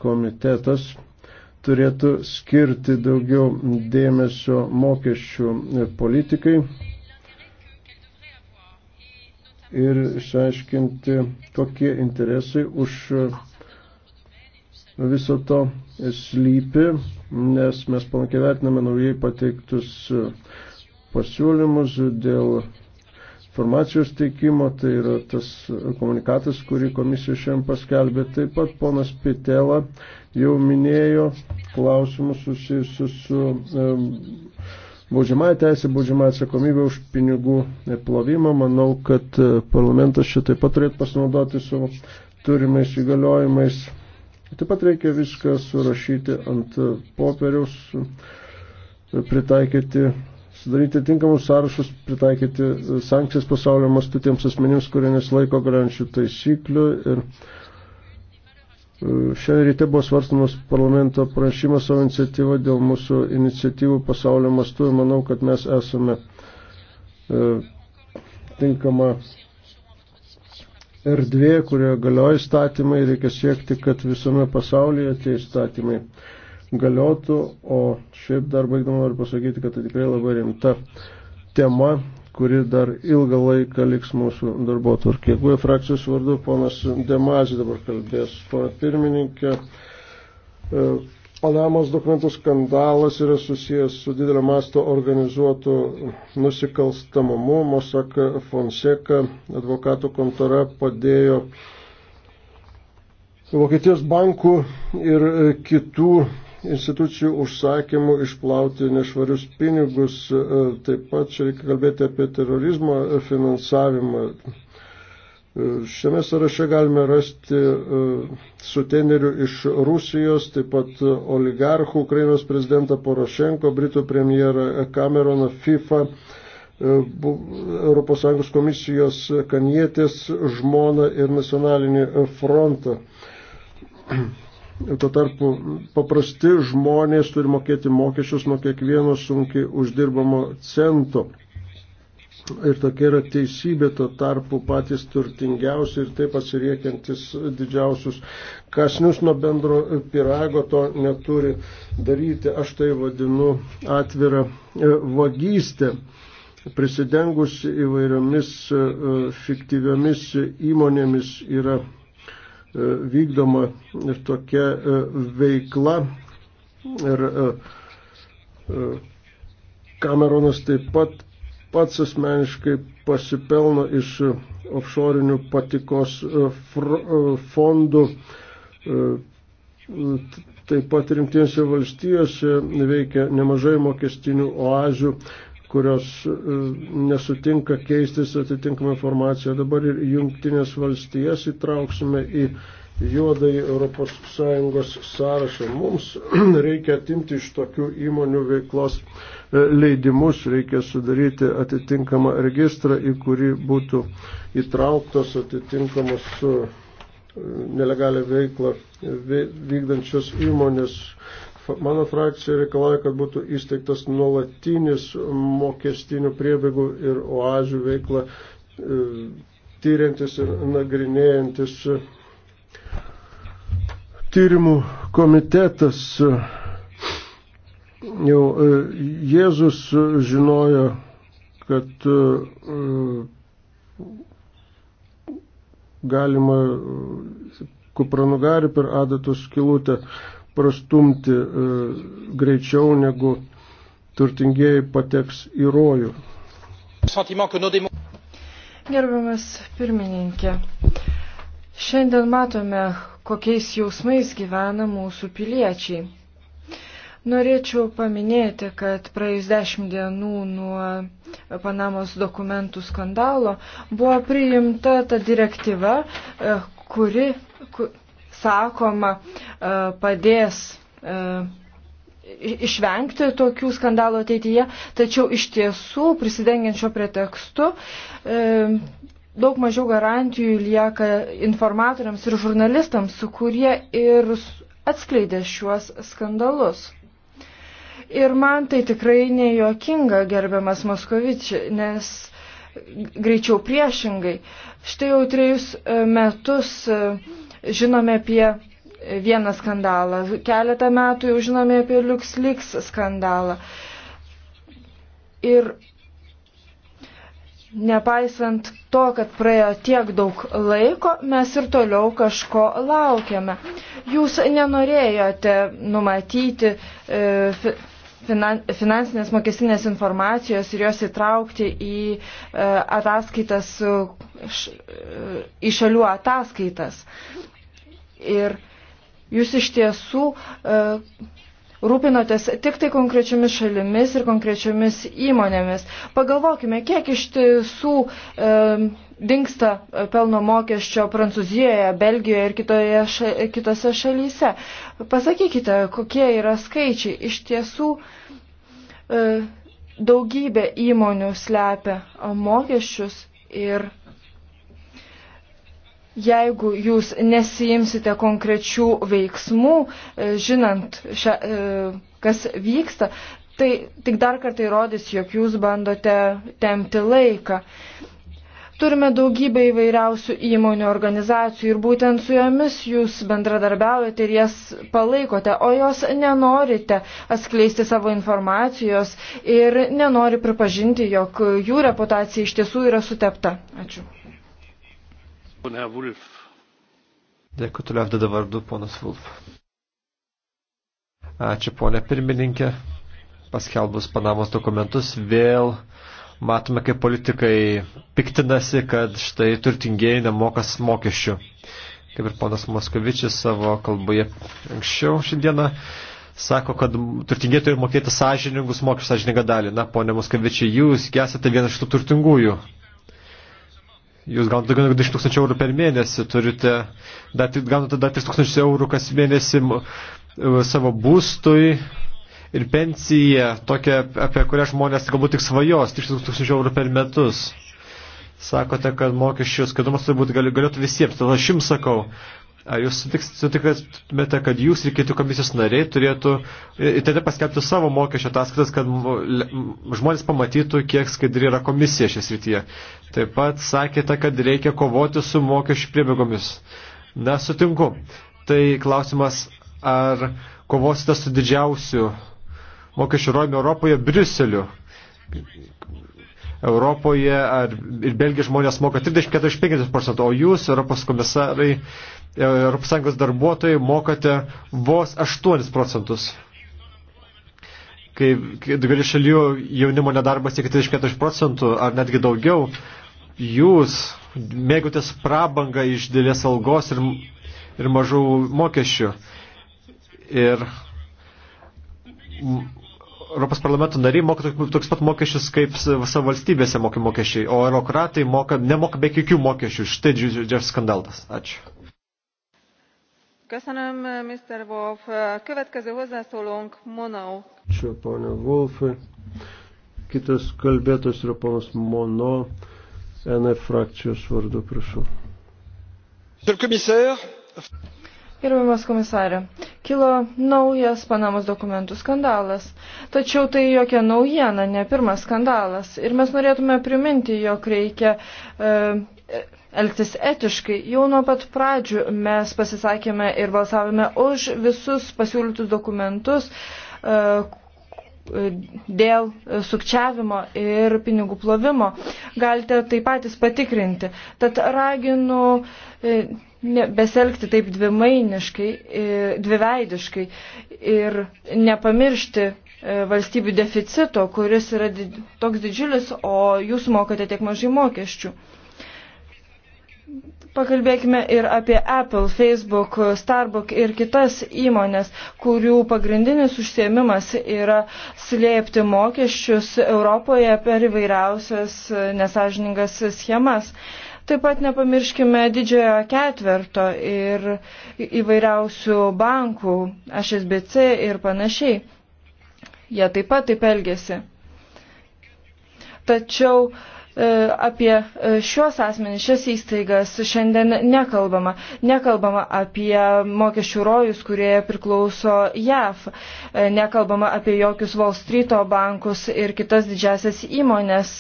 komitetas turėtų skirti daugiau dėmesio mokesčių politikai ir išaiškinti, kokie interesai už viso to slypi, nes mes palankiai vertiname naujai pateiktus pasiūlymus dėl informacijos teikimo, tai yra tas komunikatas, kurį komisija šiandien paskelbė. Taip pat ponas Pitela jau minėjo klausimus susijusius su um, baudžiamąją teisę, baudžiamąją atsakomybę už pinigų plovimą. Manau, kad e, parlamentas čia taip pat turėtų pasinaudoti savo turimais įgaliojimais. Taip pat reikia viską surašyti ant popieriaus pritaikyti sudaryti tinkamus sąrašus, pritaikyti sankcijas pasaulio mastu tiems asmenims, kurie nesilaiko galiančių taisyklių. Ir e, šiandien ryte buvo svarstamas parlamento pranešimas savo iniciatyvą dėl mūsų iniciatyvų pasaulio mastu ir manau, kad mes esame e, tinkama erdvė, kurioje galioja įstatymai, reikia siekti, kad visame pasaulyje tie įstatymai galiotų, o šiaip dar baigdama noriu pasakyti, kad tai tikrai labai rimta tema, kuri dar ilgą laiką liks mūsų darbo tvarkė. Jeigu e frakcijos vardu ponas Demazė dabar kalbės, pana pirmininkė, e, Panamos dokumentų skandalas yra susijęs su didelio masto organizuotu nusikalstamumu. Mosak Fonseca advokatų kontora padėjo Vokietijos bankų ir kitų institucijų užsakymų išplauti nešvarius pinigus. E, taip pat čia reikia kalbėti apie terorizmo finansavimą. E, šiame sąraše galime rasti e, sutenerių iš Rusijos, taip pat oligarchų, Ukrainos prezidentą Porošenko, Britų premjerą Cameroną, FIFA, ES komisijos kanietės žmoną ir nacionalinį frontą. Tuo tarpu paprasti žmonės turi mokėti mokesčius nuo kiekvieno sunkiai uždirbamo cento. Ir tokia yra teisybė, tuo tarpu patys turtingiausi ir taip pasiriekiantis didžiausius kasnius nuo bendro pirago to neturi daryti. Aš tai vadinu atvirą e, vagystę prisidengus įvairiomis e, e, fiktyviomis įmonėmis yra E, vykdoma ir tokia e, veikla. Ir Kameronas e, taip pat pats asmeniškai pasipelno iš offshore patikos fondų. Taip pat rimtinėse valstijose veikia nemažai mokestinių oazių, kurios e, nesutinka keistis atitinkamą informaciją. Dabar ir jungtinės valstijas įtrauksime į juodai ES sąrašą. Mums reikia atimti iš tokių įmonių veiklos e, leidimus, reikia sudaryti atitinkamą registrą, į kurį būtų įtrauktos atitinkamos e, nelegalią veiklą vykdančios įmonės Mano frakcija reikalauja, kad būtų įsteigtas nuolatinis mokestinių priebėgų ir oazių veikla e, tyriantis ir nagrinėjantis e, tyrimų komitetas. Jau e, Jėzus žinojo, kad galima kupranugari per adatos skilutę prastumti e, greičiau negu turtingieji pateks į rojų. Gerbiamas pirmininkė, šiandien matome, kokiais jausmais gyvena mūsų piliečiai. Norėčiau paminėti, kad praėjus dešimt dienų nuo Panamos dokumentų skandalo buvo priimta ta direktyva, e, kuri, kur, sakoma, e, padės e, išvengti tokių skandalų ateityje, tačiau iš tiesų prisidengiančio pretekstu e, daug mažiau garantijų lieka informatoriams ir žurnalistams, kurie ir atskleidė šiuos skandalus. Ir man tai tikrai nejuokinga, gerbiamas Moskovič, nes greičiau priešingai. Štai jau trejus metus žinome apie vieną skandalą, keletą metų jau žinome apie LuxLeaks skandalą. Ir nepaisant to, kad praėjo tiek daug laiko, mes ir toliau kažko laukiame. Jūs nenorėjote numatyti e, finansinės mokestinės informacijos ir jos įtraukti į e, ataskaitas, e, į šalių ataskaitas. Ir jūs iš tiesų e, rūpinotės tik tai konkrečiomis šalimis ir konkrečiomis įmonėmis. Pagalvokime, kiek iš tiesų e, dinksta pelno mokesčio Prancūzijoje, Belgijoje ir kitoje, ša, kitose šalyse. Pasakykite, kokie yra skaičiai. Iš tiesų. E, Daugybė įmonių slepia mokesčius ir Jeigu jūs nesijimsite konkrečių veiksmų, e, žinant, šia, e, kas vyksta, tai tik dar kartą įrodys, jog jūs bandote temti laiką. Turime daugybę įvairiausių įmonių organizacijų ir būtent su jomis jūs bendradarbiaujate ir jas palaikote, o jos nenorite atskleisti savo informacijos ir nenori pripažinti, jog jų reputacija iš tiesų yra sutepta. Ačiū. Dėkui, toliau FDD vardu, ponas Vulf. Ačiū, ponė pirmininkė. Paskelbus Panamos dokumentus vėl matome, kaip politikai piktinasi, kad štai turtingieji nemokas mokesčių. Kaip ir ponas Moskovičius savo kalboje anksčiau šiandieną sako, kad turtingieji turi mokėti sąžiningus mokesčius, sąžiningą dalį. Na, ponė Moskovičiai, jūs esate vienas iš tų turtingųjų. Jūs gaunate daugiau negu 10 tūkstančių eurų per mėnesį, turite, dar, gaunate dar 3 tūkstančių eurų kas mėnesį e, savo būstui ir pensiją, tokią, apie kurią žmonės galbūt tik svajos, 3 tūkstančių eurų per metus. Sakote, kad mokesčių skaidrumas turbūt galėtų visiems, tada aš jums sakau, Ar jūs sutiktumėte, kad jūs ir kiti komisijos nariai turėtų tada paskelbti savo mokesčio ataskaitas, kad žmonės pamatytų, kiek skaidri yra komisija šias rytyje. Taip pat sakėte, kad reikia kovoti su mokesčių priebėgomis. Nesutinku. Tai klausimas, ar kovosite su didžiausiu mokesčių rojumi Europoje Briuseliu. Europoje ar ir Belgijos žmonės moka 30-40 procentų, o jūs, Europos komisarai, ES darbuotojai mokate vos 8 procentus. Kai, kai gali šalių jaunimo nedarbas tik 34 procentų ar netgi daugiau, jūs mėgotės prabangą iš dėlės algos ir, ir mažų mokesčių. Ir Europos parlamento nariai moka toks pat mokesčius, kaip savo valstybėse moka mokesčiai, o eurokratai moka, nemoka be jokių mokesčių. Štai didžiulis skandalas. Ačiū. Köszönöm, Mr. Wolf. Következő hozzászólónk Monau. Ačiū, ponė Wolfai. Kitas kalbėtas yra ponas Mono, NF frakcijos vardu, prašau. Gerbiamas komisarė, kilo naujas Panamos dokumentų skandalas. Tačiau tai jokia naujiena, ne pirmas skandalas. Ir mes norėtume priminti, jog reikia e, elgtis etiškai. Jau nuo pat pradžių mes pasisakėme ir balsavome už visus pasiūlytus dokumentus e, dėl sukčiavimo ir pinigų plovimo. Galite tai patys patikrinti. Tad raginu e, beselgti taip dvimainiškai, e, dviveidiškai ir nepamiršti valstybių deficito, kuris yra toks didžiulis, o jūs mokate tiek mažai mokesčių. Pakalbėkime ir apie Apple, Facebook, Starbucks ir kitas įmonės, kurių pagrindinis užsiemimas yra slėpti mokesčius Europoje per įvairiausias nesažiningas schemas. Taip pat nepamirškime didžiojo ketverto ir įvairiausių bankų, HSBC ir panašiai. Jie taip pat taip elgesi. Tačiau uh, E, apie e, šios asmenys, šias įstaigas šiandien nekalbama. Nekalbama apie mokesčių rojus, kurie priklauso JAV. E, nekalbama apie jokius Wall Street bankus ir kitas didžiasias įmonės,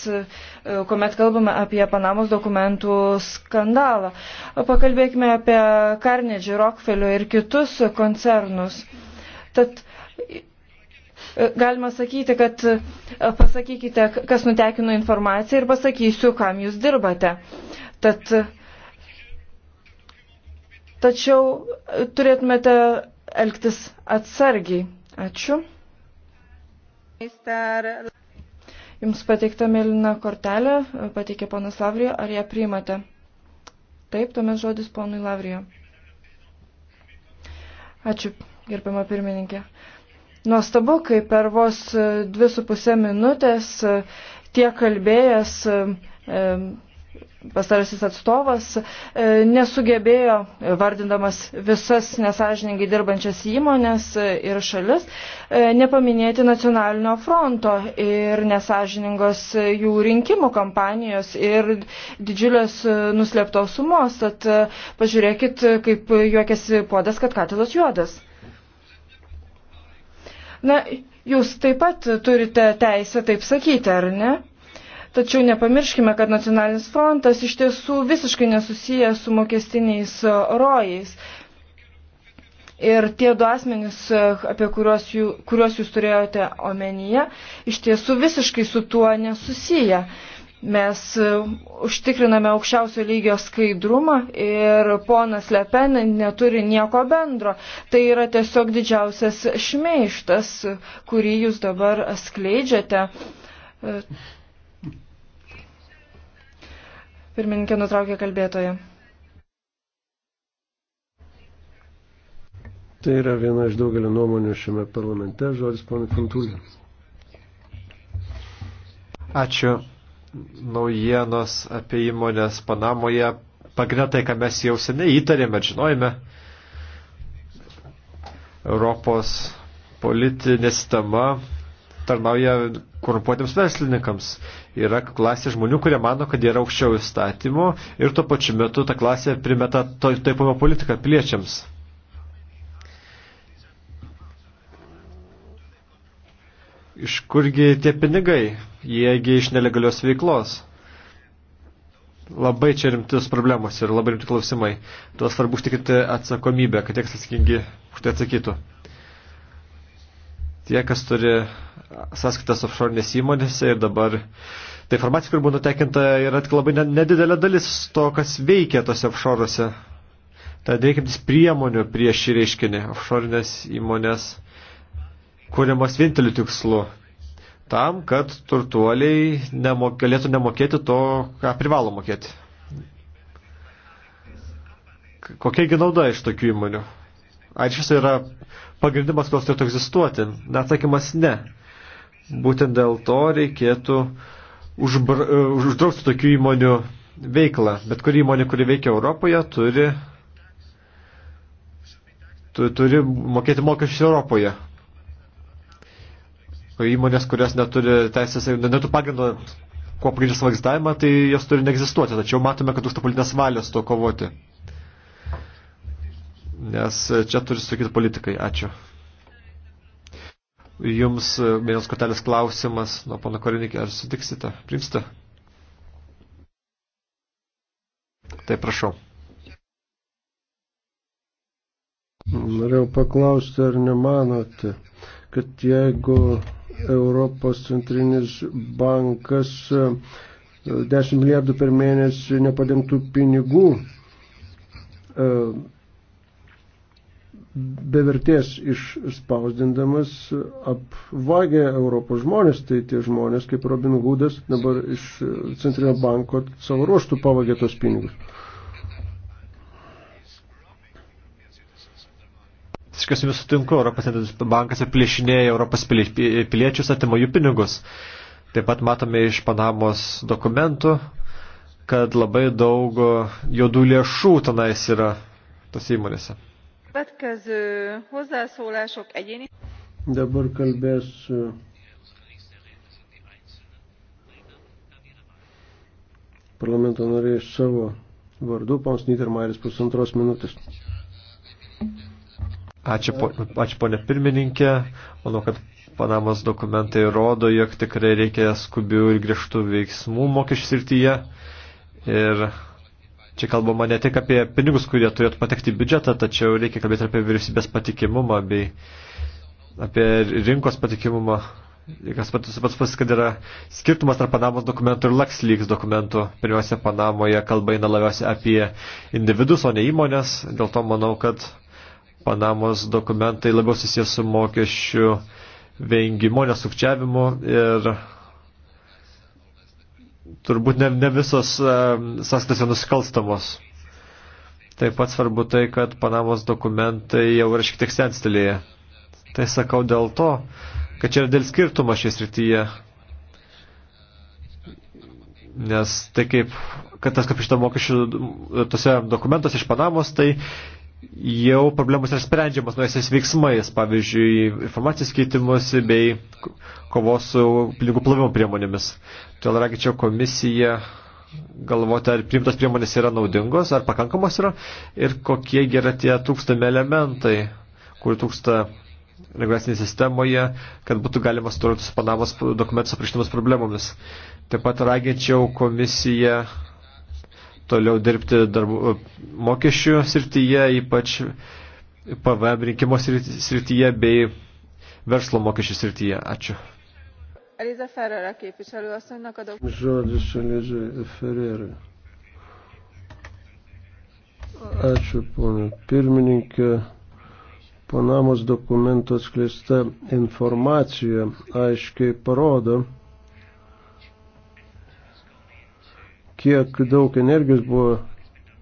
kuomet kalbame apie Panamos dokumentų skandalą. Pakalbėkime apie Carnegie, Rockefeller ir kitus koncernus. Tad E, galima sakyti, kad e, pasakykite, kas nutekino informaciją ir pasakysiu, kam jūs dirbate. Tad, e, tačiau turėtumėte elgtis atsargiai. Ačiū. Jums pateikta mėlyna kortelė, pateikė ponas Lavrijo, ar ją priimate? Taip, tuomet žodis ponui Lavrijo. Ačiū, gerbiama pirmininkė. Nuostabu, kai per vos 2,5 e, minutės e, tiek kalbėjęs e, pastarasis atstovas nesugebėjo, vardindamas visas nesažiningai dirbančias įmonės ir šalis, nepaminėti nacionalinio fronto ir nesažiningos jų rinkimų kampanijos ir didžiulės nuslėptos sumos. Tad pažiūrėkit, kaip juokiasi puodas, kad katilas juodas. Na, jūs taip pat turite teisę taip sakyti, ar ne? Tačiau nepamirškime, kad nacionalinis frontas iš tiesų visiškai nesusijęs su mokestiniais e, rojais. Ir tie du asmenys, e, apie kuriuos, jų, kuriuos jūs turėjote omenyje, iš tiesų visiškai su tuo nesusiję. Mes e, užtikriname aukščiausio lygio skaidrumą ir ponas Lepen neturi nieko bendro. Tai yra tiesiog didžiausias šmeištas, kurį jūs dabar skleidžiate. E, pirmininkė nutraukė kalbėtoją. Tai yra viena iš daugelio nuomonių šiame parlamente. Žodis ponai Fantulė. Ačiū naujienos apie įmonės Panamoje pagrindė tai, ką mes jau seniai įtarėme, žinojame. Europos politinė sistema tarnauja korumpuotiems verslininkams. Yra klasė žmonių, kurie mano, kad yra aukščiau įstatymo ir tuo pačiu metu ta klasė primeta to, taipomo politiką piliečiams. iš kurgi tie pinigai, jiegi iš nelegalios veiklos. Labai čia rimtis problemos ir labai rimti klausimai. Tuo svarbu užtikrinti atsakomybę, kad tie, kas atsakingi, už tai atsakytų. Tie, kas turi sąskaitas offshore'nės įmonėse ir dabar ta informacija, kur buvo nutekinta, yra tik labai nedidelė dalis to, kas veikia tose offshore'ose. Tad reikiantis priemonių prieš šį reiškinį offshore'nės įmonės kuriamas vieninteliu tikslu - tam, kad turtuoliai nemok, galėtų nemokėti to, ką privalo mokėti. Kokiagi nauda iš tokių įmonių? Ar šis yra pagrindimas, koks turėtų egzistuoti? Atsakymas ne. Būtent dėl to reikėtų užbra, uždrausti tokių įmonių veiklą. Bet kuri įmonė, kuri veikia Europoje, turi, tu, turi mokėti mokesčius Europoje įmonės, kurios neturi teisės, neturi pagrindo kuo pagrindžias vagzdavimą, tai jos turi neegzistuoti. Tačiau matome, kad trūksta politinės valios to kovoti. Nes čia turi sakyti politikai. Ačiū. Jums vienas kortelės klausimas nuo pono Korinikė. Ar sutiksite? Primsite? Tai prašau. Norėjau paklausti, ar nemanote, kad jeigu Europos centrinis bankas 10 e, milijardų per mėnesį nepadengtų pinigų e, bevertės išspausdindamas apvagė Europos žmonės, tai tie žmonės kaip Robin Hoodas dabar iš Centrinio banko savo ruoštų pavagė tos pinigus. Visiškai su jumis sutinku, Europos bankas aplišinėja Europos piliečius, atima jų pinigus. Taip pat matome iš Panamos dokumentų, kad labai daug juodų lėšų tenais yra tose įmonėse. Dabar kalbės parlamento nariai savo vardu, pons Niedermayeris pusantros minutės. Ačiū, po, ačiū ponė pirmininkė. Manau, kad Panamos dokumentai rodo, jog tikrai reikia skubių ir griežtų veiksmų mokesčių srityje. Ir Čia kalbama ne tik apie pinigus, kurie turėtų patekti į biudžetą, tačiau reikia kalbėti apie vyriausybės patikimumą bei apie rinkos patikimumą. Kas pats pats, kad yra skirtumas tarp Panamos dokumentų ir LuxLeaks dokumentų. Pirmiausia, Panamoje kalba eina labiausiai apie individus, o ne įmonės. Dėl to manau, kad Panamos dokumentai labiau susijęs su mokesčių vengimu, nesukčiavimu ir turbūt ne, ne visos e, sąskaitos yra nusikalstamos. Taip pat svarbu tai, kad Panamos dokumentai jau yra šiek tiek senstelėje. Tai sakau dėl to, kad čia yra dėl skirtumo šis rytyje. Nes tai kaip, kad tas kaip iš to mokesčių tose dokumentuose iš Panamos, tai jau problemas yra sprendžiamas nuėsiais veiksmais, pavyzdžiui, informacijos keitimus bei kovos su pinigų plovimo priemonėmis. Todėl ragičiau komisiją galvoti, ar priimtos priemonės yra naudingos, ar pakankamos yra ir kokie yra tie tūkstami elementai, kur tūksta reguliacinėje sistemoje, kad būtų galima sutarti su Panamos dokumentų suprašymus problemomis. Taip pat raginčiau komisiją toliau dirbti darbų, mokesčių srityje, ypač PVM rinkimo srityje bei verslo mokesčių srityje. Ačiū. Eliza Ferrera képviselő asszonynak adok. Žodis Eliza Ferrera. Ačiū, ponė pirmininkė. Panamos dokumento atskleista informacija aiškiai parodo, kiek daug energijos buvo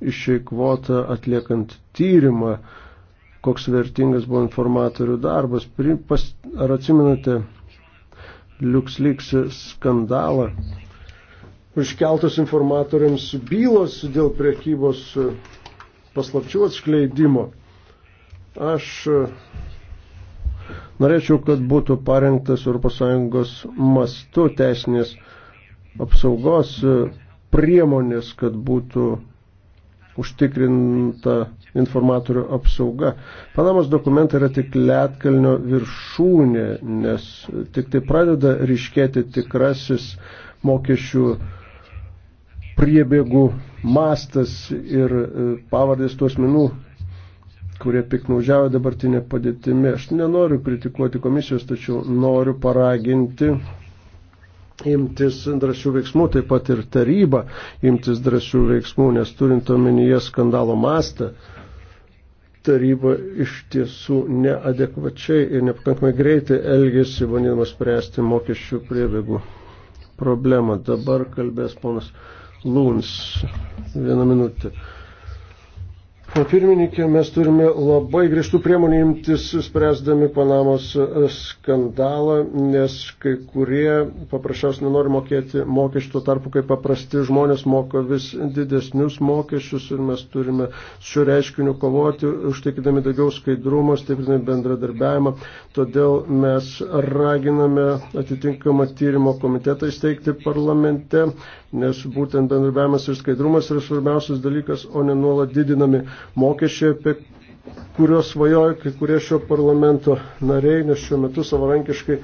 išeikvota atliekant tyrimą, koks vertingas buvo informatorių darbas. Pas, ar atsimenate LuxLeaks skandalą? Iškeltos informatoriams bylos dėl priekybos paslapčių atskleidimo. Aš norėčiau, kad būtų parengtas ES mastu teisinės apsaugos priemonės, kad būtų užtikrinta informatorių apsauga. Panamos dokumentai yra tik lietkalnio viršūnė, nes tik tai pradeda ryškėti tikrasis mokesčių priebėgų mastas ir e, pavardės tuos minų, kurie piknaudžiavo dabartinę padėtimi. Aš nenoriu kritikuoti komisijos, tačiau noriu paraginti imtis drąsių veiksmų, taip pat ir taryba imtis drąsių veiksmų, nes turint omenyje skandalo mastą, taryba iš tiesų neadekvačiai ir nepakankamai greitai elgėsi, bandydama spręsti mokesčių priebėgų problemą. Dabar kalbės ponas Lūns. Vieną minutę. Pirmininkė, mes turime labai griežtų priemonių imtis, spręsdami Panamos skandalą, nes kai kurie paprasčiausiai nenori mokėti mokesčių, tuo tarpu kai paprasti žmonės moka vis didesnius mokesčius ir mes turime šiuo reiškiniu kovoti, užtikydami daugiau skaidrumo, stiprindami bendradarbiavimą. Todėl mes raginame atitinkamą tyrimo komitetą įsteigti parlamente, nes būtent bendradarbiavimas ir skaidrumas yra svarbiausias dalykas, o ne nuolat didinami mokesčiai, apie kuriuos svajoja kai kurie šio parlamento nariai, nes šiuo metu savarankiškai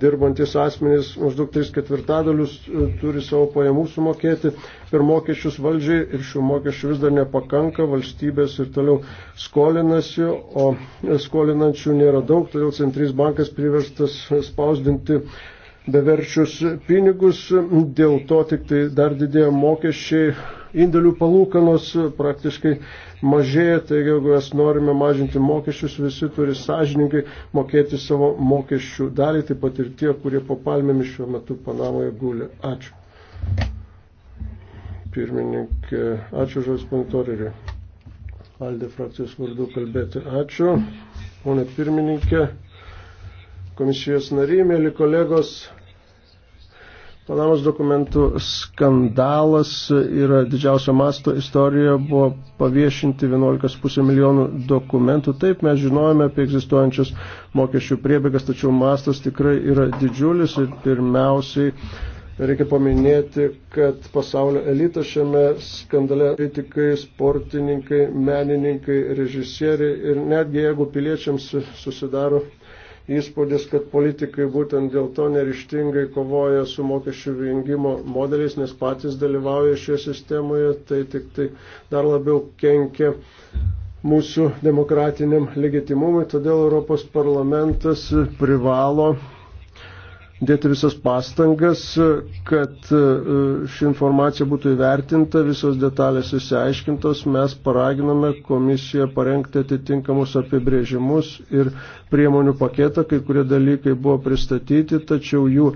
dirbantis asmenys maždaug 3 ketvirtadalius e, turi savo pajamų sumokėti per mokesčius valdžiai ir šių mokesčių vis dar nepakanka, valstybės ir toliau skolinasi, o skolinančių nėra daug, todėl Centrinis bankas priverstas spausdinti beverčius pinigus, dėl to tik tai dar didėja mokesčiai indėlių palūkanos praktiškai mažėja, taigi jeigu mes norime mažinti mokesčius, visi turi sąžininkai mokėti savo mokesčių dalį, taip pat ir tie, kurie po palmėmis šiuo metu Panamoje guli. Ačiū. Pirmininkė, ačiū žodis monitoreriui. Aldė frakcijos vardu kalbėti. Ačiū. Pone pirmininkė, komisijos nariai, mėly kolegos, Panamos dokumentų skandalas yra didžiausio masto istorija, buvo paviešinti 11,5 milijonų dokumentų. Taip, mes žinojame apie egzistuojančias mokesčių priebėgas, tačiau mastas tikrai yra didžiulis ir pirmiausiai reikia paminėti, kad pasaulio elitas šiame skandale kritikai, sportininkai, menininkai, režisieriai ir netgi jeigu piliečiams susidaro įspūdis, kad politikai būtent dėl to nerištingai kovoja su mokesčių vengimo modeliais, nes patys dalyvauja šioje sistemoje, tai tik tai dar labiau kenkia mūsų demokratiniam legitimumui, todėl Europos parlamentas privalo dėti visas pastangas, kad e, ši informacija būtų įvertinta, visos detalės įsiaiškintos. Mes paraginame komisiją parengti atitinkamus apibrėžimus ir priemonių paketą, kai kurie dalykai buvo pristatyti, tačiau jų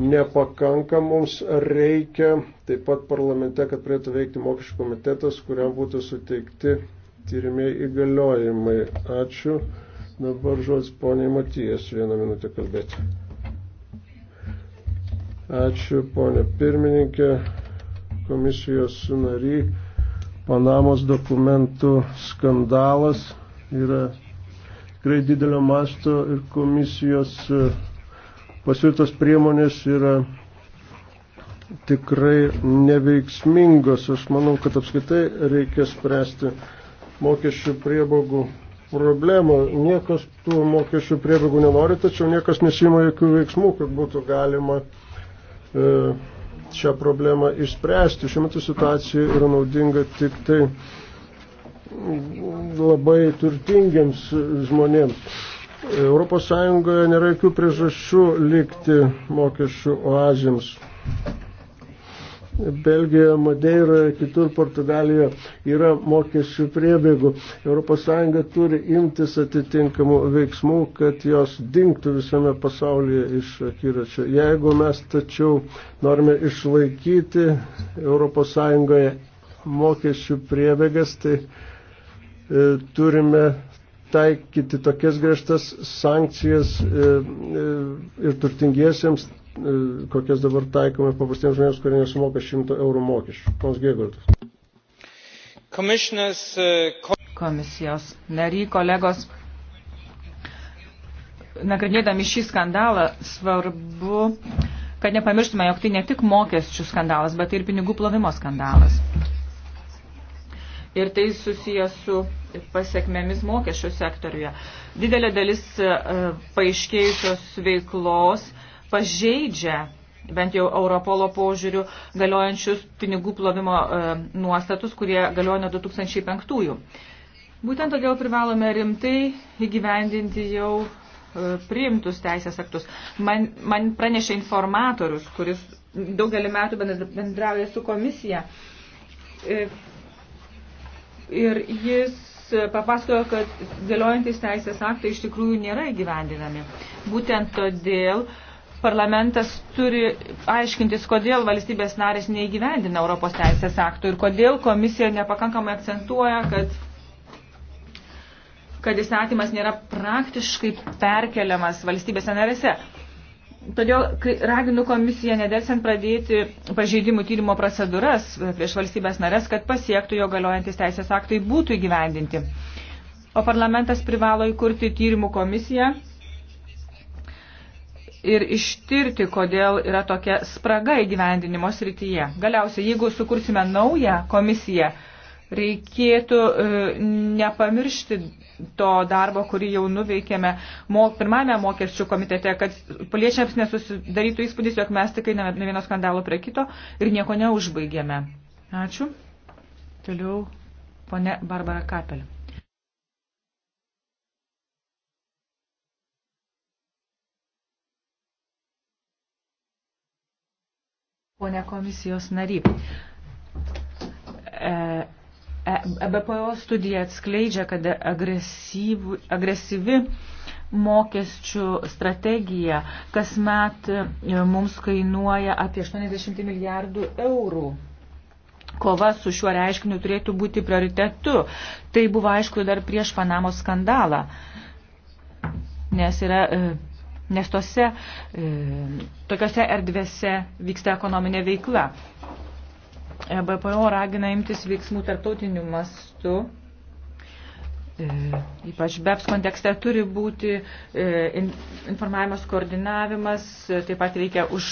nepakanka mums reikia taip pat parlamente, kad turėtų veikti mokesčių komitetas, kuriam būtų suteikti tyrimiai įgaliojimai. Ačiū. Dabar žodis poniai Matijas vieną minutę kalbėti. Ačiū, ponė pirmininkė, komisijos nary. Panamos dokumentų skandalas yra tikrai didelio masto ir komisijos e, pasiūlytos priemonės yra tikrai neveiksmingos. Aš manau, kad apskaitai reikia spręsti mokesčių priebogų problemą. Niekas tų mokesčių priebogų nenori, tačiau niekas nesima jokių veiksmų, kad būtų galima uh, E, šią problemą išspręsti. Šiuo metu situacija yra naudinga tik tai labai turtingiams žmonėms. Europos Sąjungoje nėra jokių priežasčių likti mokesčių oazėms. Belgijoje, Madeiroje, kitur Portugalijoje yra mokesčių priebėgų. ES turi imtis atitinkamų veiksmų, kad jos dinktų visame pasaulyje iš akiračio. Jeigu mes tačiau norime išlaikyti ES mokesčių priebėgas, tai e, turime taikyti tokias griežtas sankcijas e, e, ir turtingiesiems E, kokias dabar taikome paprastiems žmonėms, kurie nesumoka 100 eurų mokesčių. Pons Gėgurtas. E, Komisijos nariai, kolegos, nagrinėdami šį skandalą svarbu, kad nepamirštume, jog tai ne tik mokesčių skandalas, bet ir pinigų plovimo skandalas. Ir tai susijęs su pasiekmėmis mokesčių sektoriuje. Didelė dalis e, paaiškėjusios veiklos uh, pažeidžia bent jau Europolo požiūrių galiojančius pinigų plovimo e, nuostatus, kurie galioja nuo 2005-ųjų. Būtent todėl privalome rimtai įgyvendinti jau e, priimtus teisės aktus. Man, man pranešė informatorius, kuris daugelį metų bendrauja su komisija. E, ir jis papasakojo, kad galiojantis teisės aktai iš tikrųjų nėra įgyvendinami. Būtent todėl uh, parlamentas turi aiškintis, kodėl valstybės narės neįgyvendina Europos teisės aktų ir kodėl komisija nepakankamai akcentuoja, kad kad įstatymas nėra praktiškai perkeliamas valstybėse narėse. Todėl raginu komisiją nedelsiant pradėti pažeidimų tyrimo procedūras prieš valstybės narės, kad pasiektų jo galiojantis teisės aktai būtų įgyvendinti. O parlamentas privalo įkurti tyrimų komisiją ir ištirti, kodėl yra tokia spraga įgyvendinimo srityje. Galiausiai, jeigu sukursime naują komisiją, reikėtų e, nepamiršti to darbo, kurį jau nuveikėme mok, pirmame mokesčių komitete, kad paliečiams nesusidarytų įspūdis, jog mes tik ne vieno skandalo prie kito ir nieko neužbaigėme. Ačiū. Toliau ponė Barbara Kapelė. Pone komisijos nary. EBPO e, e studija atskleidžia, kad agresyvi, agresyvi mokesčių strategija kasmet e, mums kainuoja apie 80 milijardų eurų. Kova su šiuo reiškiniu turėtų būti prioritetu. Tai buvo aišku dar prieš Panamos skandalą, nes yra nes tose, e, tokiose erdvėse vyksta ekonominė veikla. E BPO ragina imtis veiksmų tarptautiniu mastu. E, ypač BEPS kontekste turi būti informavimas, koordinavimas, taip pat reikia už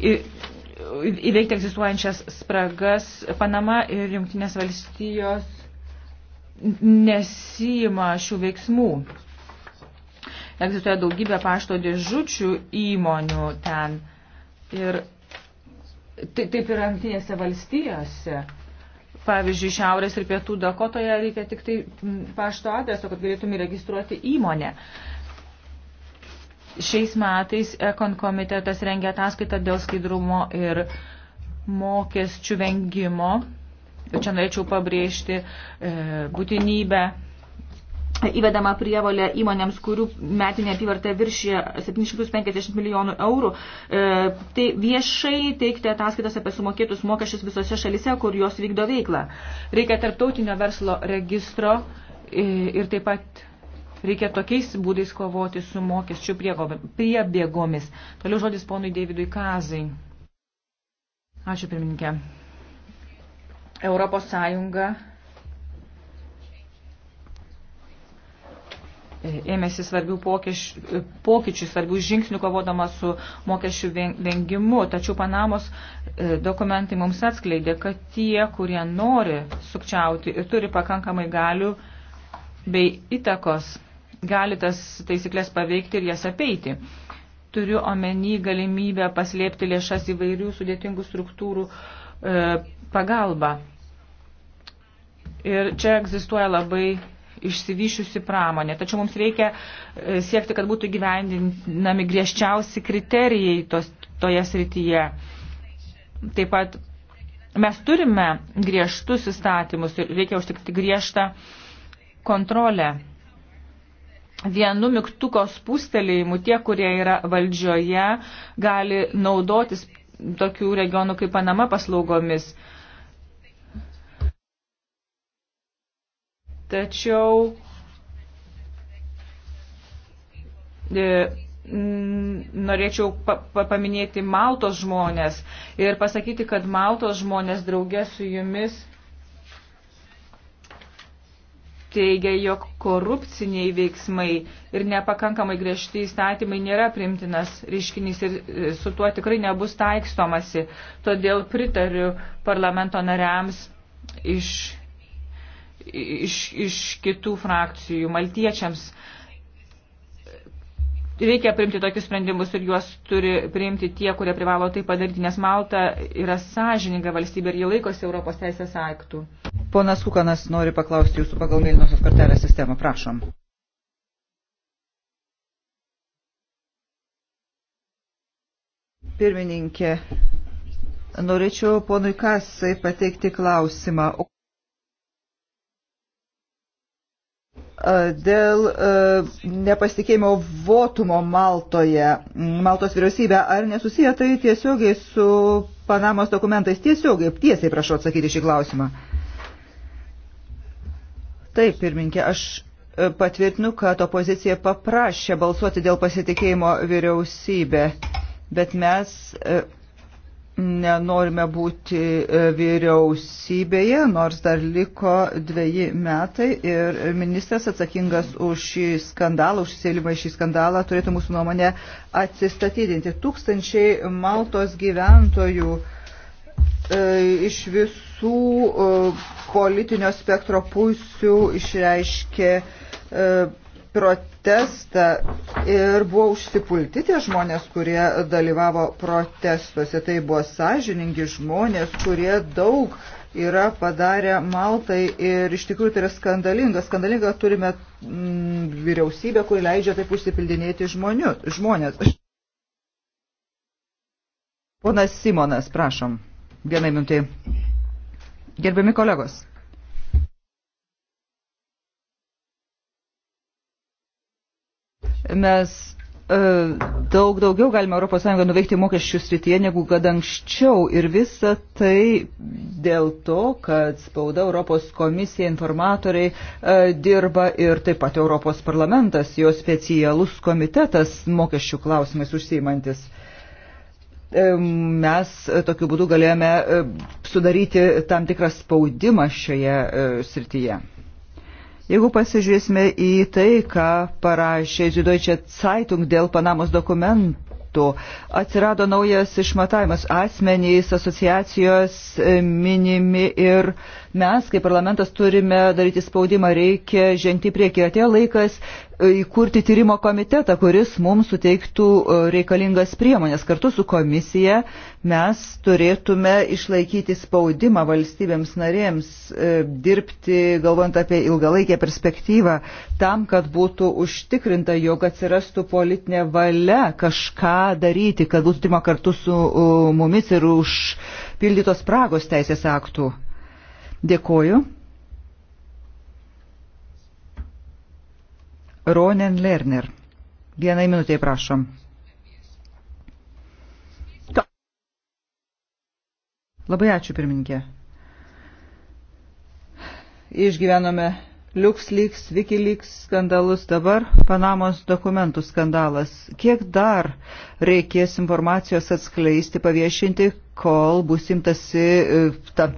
įveikti egzistuojančias spragas. Panama ir Jungtinės valstijos nesima šių veiksmų egzistuoja daugybė pašto dėžučių įmonių ten. Ir tai taip ir antinėse valstijose. Pavyzdžiui, Šiaurės ir Pietų Dakotoje reikia tik tai pašto adreso, kad galėtum įregistruoti įmonę. Šiais metais Ekon komitetas rengia ataskaitą dėl skaidrumo ir mokesčių vengimo. Čia norėčiau pabrėžti e, būtinybę įvedama prievolė įmonėms, kurių metinė apyvarta viršyje 750 milijonų eurų, e, tai viešai teikti ataskaitas apie sumokėtus mokesčius visose šalise, kur jos vykdo veiklą. Reikia tarptautinio verslo registro e, ir taip pat reikia tokiais būdais kovoti su mokesčių priebėgomis. Toliau žodis ponui Davidui Kazai. Ačiū pirmininkė. Europos Sąjunga E, ėmėsi svarbių pokyčių, e, pokyčių svarbių žingsnių kovodama su mokesčių vengimu. Tačiau Panamos e, dokumentai mums atskleidė, kad tie, kurie nori sukčiauti ir turi pakankamai galių bei įtakos, gali tas taisyklės paveikti ir jas apeiti. Turiu omeny galimybę paslėpti lėšas įvairių sudėtingų struktūrų e, pagalba. Ir čia egzistuoja labai išsivyšiusi pramonė. Tačiau mums reikia e, siekti, kad būtų gyvendinami griežčiausi kriterijai tos, toje srityje. Taip pat mes turime griežtus įstatymus ir reikia užtikti griežtą kontrolę. Vienu mygtuko spūstelėjimu tie, kurie yra valdžioje, gali naudotis tokių regionų kaip Panama paslaugomis. Uh, Tačiau e, norėčiau pa, pa, paminėti Maltos žmonės ir pasakyti, kad Maltos žmonės draugė su jumis teigia, jog korupciniai veiksmai ir nepakankamai griežti įstatymai nėra primtinas reiškinys ir e, su tuo tikrai nebus taikstomasi. Todėl pritariu parlamento nariams iš iš, iš kitų frakcijų, maltiečiams. Reikia priimti tokius sprendimus ir juos turi priimti tie, kurie privalo tai padaryti, nes Malta yra sąžininga valstybė ir jie laikosi Europos teisės aktų. Ponas Kukanas nori paklausti jūsų pagal mėlynosios kortelės sistemą. Prašom. Pirmininkė, norėčiau ponui Kasai pateikti klausimą. dėl nepasitikėjimo votumo Maltoje, Maltos vyriausybė, ar nesusiję tai tiesiogiai su Panamos dokumentais? Tiesiogiai, tiesiai prašau atsakyti šį klausimą. Taip, pirminkė, aš e, patvirtinu, kad opozicija paprašė balsuoti dėl pasitikėjimo vyriausybė, bet mes e, nenorime būti e, vyriausybėje, nors dar liko dviejai metai ir ministras atsakingas už šį skandalą, už sėlimą šį skandalą turėtų mūsų nuomonė atsistatydinti. Tūkstančiai Maltos gyventojų e, iš visų e, politinio spektro pusių išreiškė protestą ir buvo užsipulti tie žmonės, kurie dalyvavo protestuose. Tai buvo sąžiningi žmonės, kurie daug yra padarę Maltai ir iš tikrųjų tai yra skandalinga. Skandalinga turime mm, vyriausybę, kuri leidžia taip užsipildinėti žmonių, žmonės. Ponas Simonas, prašom. Vienai mintai. Gerbiami kolegos. Mes e, daug daugiau galime ES nuveikti mokesčių srityje negu kad anksčiau. Ir visa tai dėl to, kad spauda Europos komisija, informatoriai e, dirba ir taip pat Europos parlamentas, jo specialus komitetas mokesčių klausimais užsiimantis. E, mes tokiu būdu galėjome e, sudaryti tam tikrą spaudimą šioje e, srityje. Jeigu pasižiūrėsime į tai, ką parašė Zidoičia Zeitung dėl Panamos dokumentų, metų atsirado naujas išmatavimas asmenys, asociacijos minimi ir Mes, kaip parlamentas, turime daryti spaudimą, reikia žengti priekį. Atėjo laikas e, įkurti tyrimo komitetą, kuris mums suteiktų e, reikalingas priemonės. Kartu su komisija mes turėtume išlaikyti spaudimą valstybėms narėms, e, dirbti, galvojant apie ilgalaikę perspektyvą, tam, kad būtų užtikrinta, jog atsirastų politinė valia kažką daryti, kad būtų tyrimo kartu su mumis ir užpildytos pragos teisės aktų. Dėkoju. Ronen Lerner. Vienai minutėje prašom. Labai ačiū, pirmininkė. Išgyvenome LuxLeaks, WikiLeaks skandalus, dabar Panamos dokumentų skandalas. Kiek dar reikės informacijos atskleisti, paviešinti, kol bus imtasi e, ta,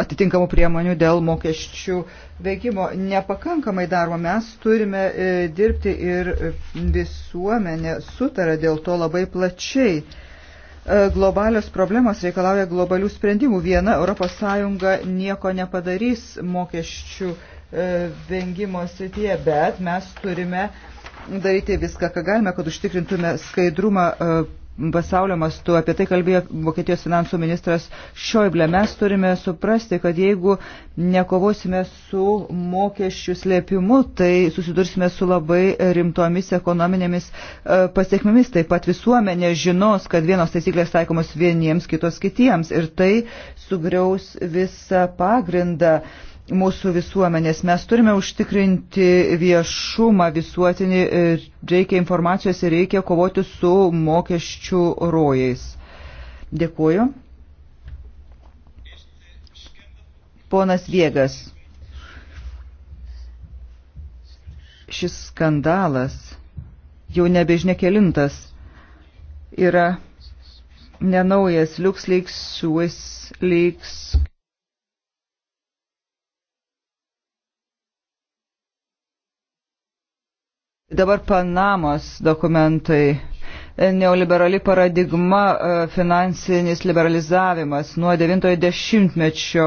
atitinkamų priemonių dėl mokesčių veikimo. Nepakankamai daroma, mes turime e, dirbti ir visuomenė sutara dėl to labai plačiai. E, globalios problemos reikalauja globalių sprendimų. Viena ES nieko nepadarys mokesčių e, vengimo srityje, bet mes turime daryti viską, ką galime, kad užtikrintume skaidrumą pasaulio mastu, apie tai kalbėjo Vokietijos finansų ministras Šoiblė. Mes turime suprasti, kad jeigu nekovosime su mokesčių slėpimu, tai susidursime su labai rimtomis ekonominėmis e, pasiekmėmis. Taip pat visuomenė žinos, kad vienos taisyklės taikomos vieniems, kitos kitiems ir tai sugriaus visą pagrindą mūsų visuomenės. Mes turime užtikrinti viešumą visuotinį, e, reikia informacijos ir reikia kovoti su mokesčių rojais. Dėkuoju. Ponas Viegas. Šis skandalas jau nebežinia kelintas yra nenaujas LuxLeaks, SwissLeaks. Dabar Panamos dokumentai. Neoliberali paradigma, e, finansinis liberalizavimas nuo 90-mečio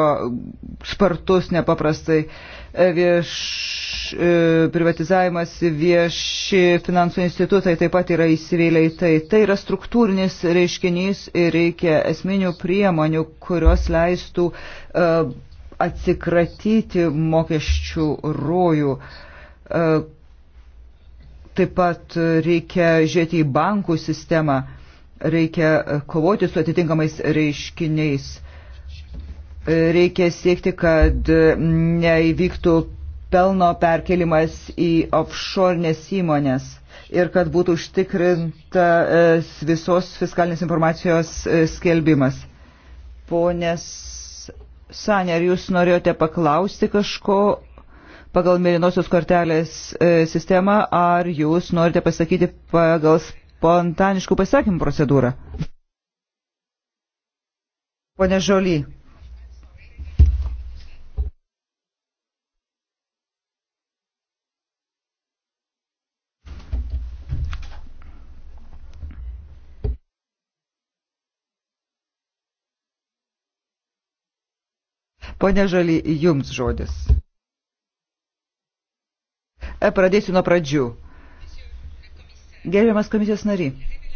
spartus nepaprastai e, vieš, e, privatizavimas vieši finansų institutai taip pat yra įsivėlę į tai. Tai yra struktūrinis reiškinys ir reikia esminių priemonių, kurios leistų atsikratyti mokesčių rojų Taip pat reikia žiūrėti į bankų sistemą, reikia kovoti su atitinkamais reiškiniais, reikia siekti, kad neįvyktų pelno perkelimas į offshore'nės įmonės ir kad būtų užtikrinta visos fiskalinės informacijos skelbimas. Ponės Sanė, ar jūs norėjote paklausti kažko pagal mėlynosios kortelės e, sistemą, ar jūs norite pasakyti pagal spontaniškų pasakymų procedūrą? Pone Žoly. Pone Žaly, jums žodis. E, pradėsiu nuo pradžių. Gerbiamas komisijos nariai.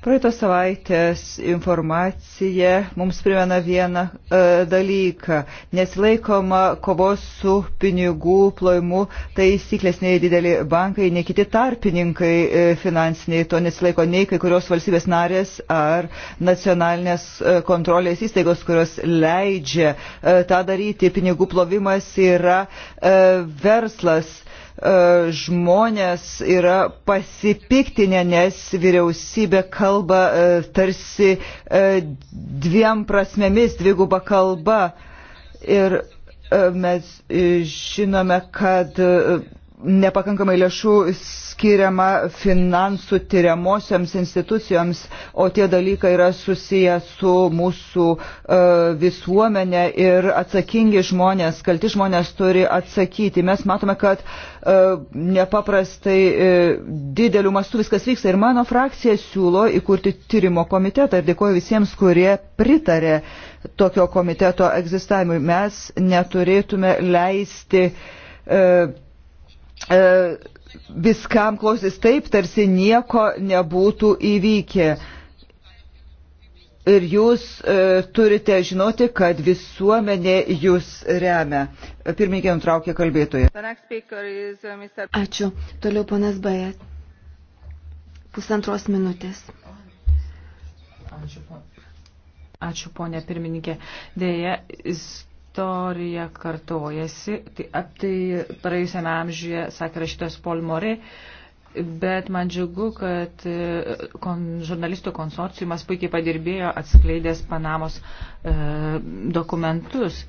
Praeito savaitės informacija mums primena vieną e, dalyką. Nesilaikoma kovos su pinigų plojimu taisyklės nei dideli bankai, nei kiti tarpininkai e, finansiniai. To nesilaiko nei kai kurios valstybės narės ar nacionalinės e, kontrolės įstaigos, kurios leidžia e, tą daryti. Pinigų plovimas yra e, verslas E, žmonės yra pasipiktinę, nes vyriausybė kalba e, tarsi e, dviem prasmėmis, dvigubą kalbą. Ir mes žinome, kad nepakankamai lėšų skiriama finansų tyriamosiams institucijoms, o tie dalykai yra susiję su mūsų e, visuomenė ir atsakingi žmonės, kalti žmonės turi atsakyti. Mes matome, kad e, nepaprastai e, dideliu mastu viskas vyksta ir mano frakcija siūlo įkurti tyrimo komitetą ir dėkoju visiems, kurie pritarė tokio komiteto egzistavimui. Mes neturėtume leisti e, E, viskam klausys taip, tarsi nieko nebūtų įvykę. Ir jūs e, turite žinoti, kad visuomenė jūs remia. Pirmininkė nutraukė kalbėtoją. Uh, Ačiū. Toliau ponas Bajas. Pusantros minutės. Ačiū, ponė pirmininkė. Dėja, jis istorija kartojasi. Tai, ap, tai praėjusiame amžiuje, sakė rašytas Paul Morė, bet man džiugu, kad e, kon, žurnalistų konsorciumas puikiai padirbėjo atskleidęs Panamos e, dokumentus.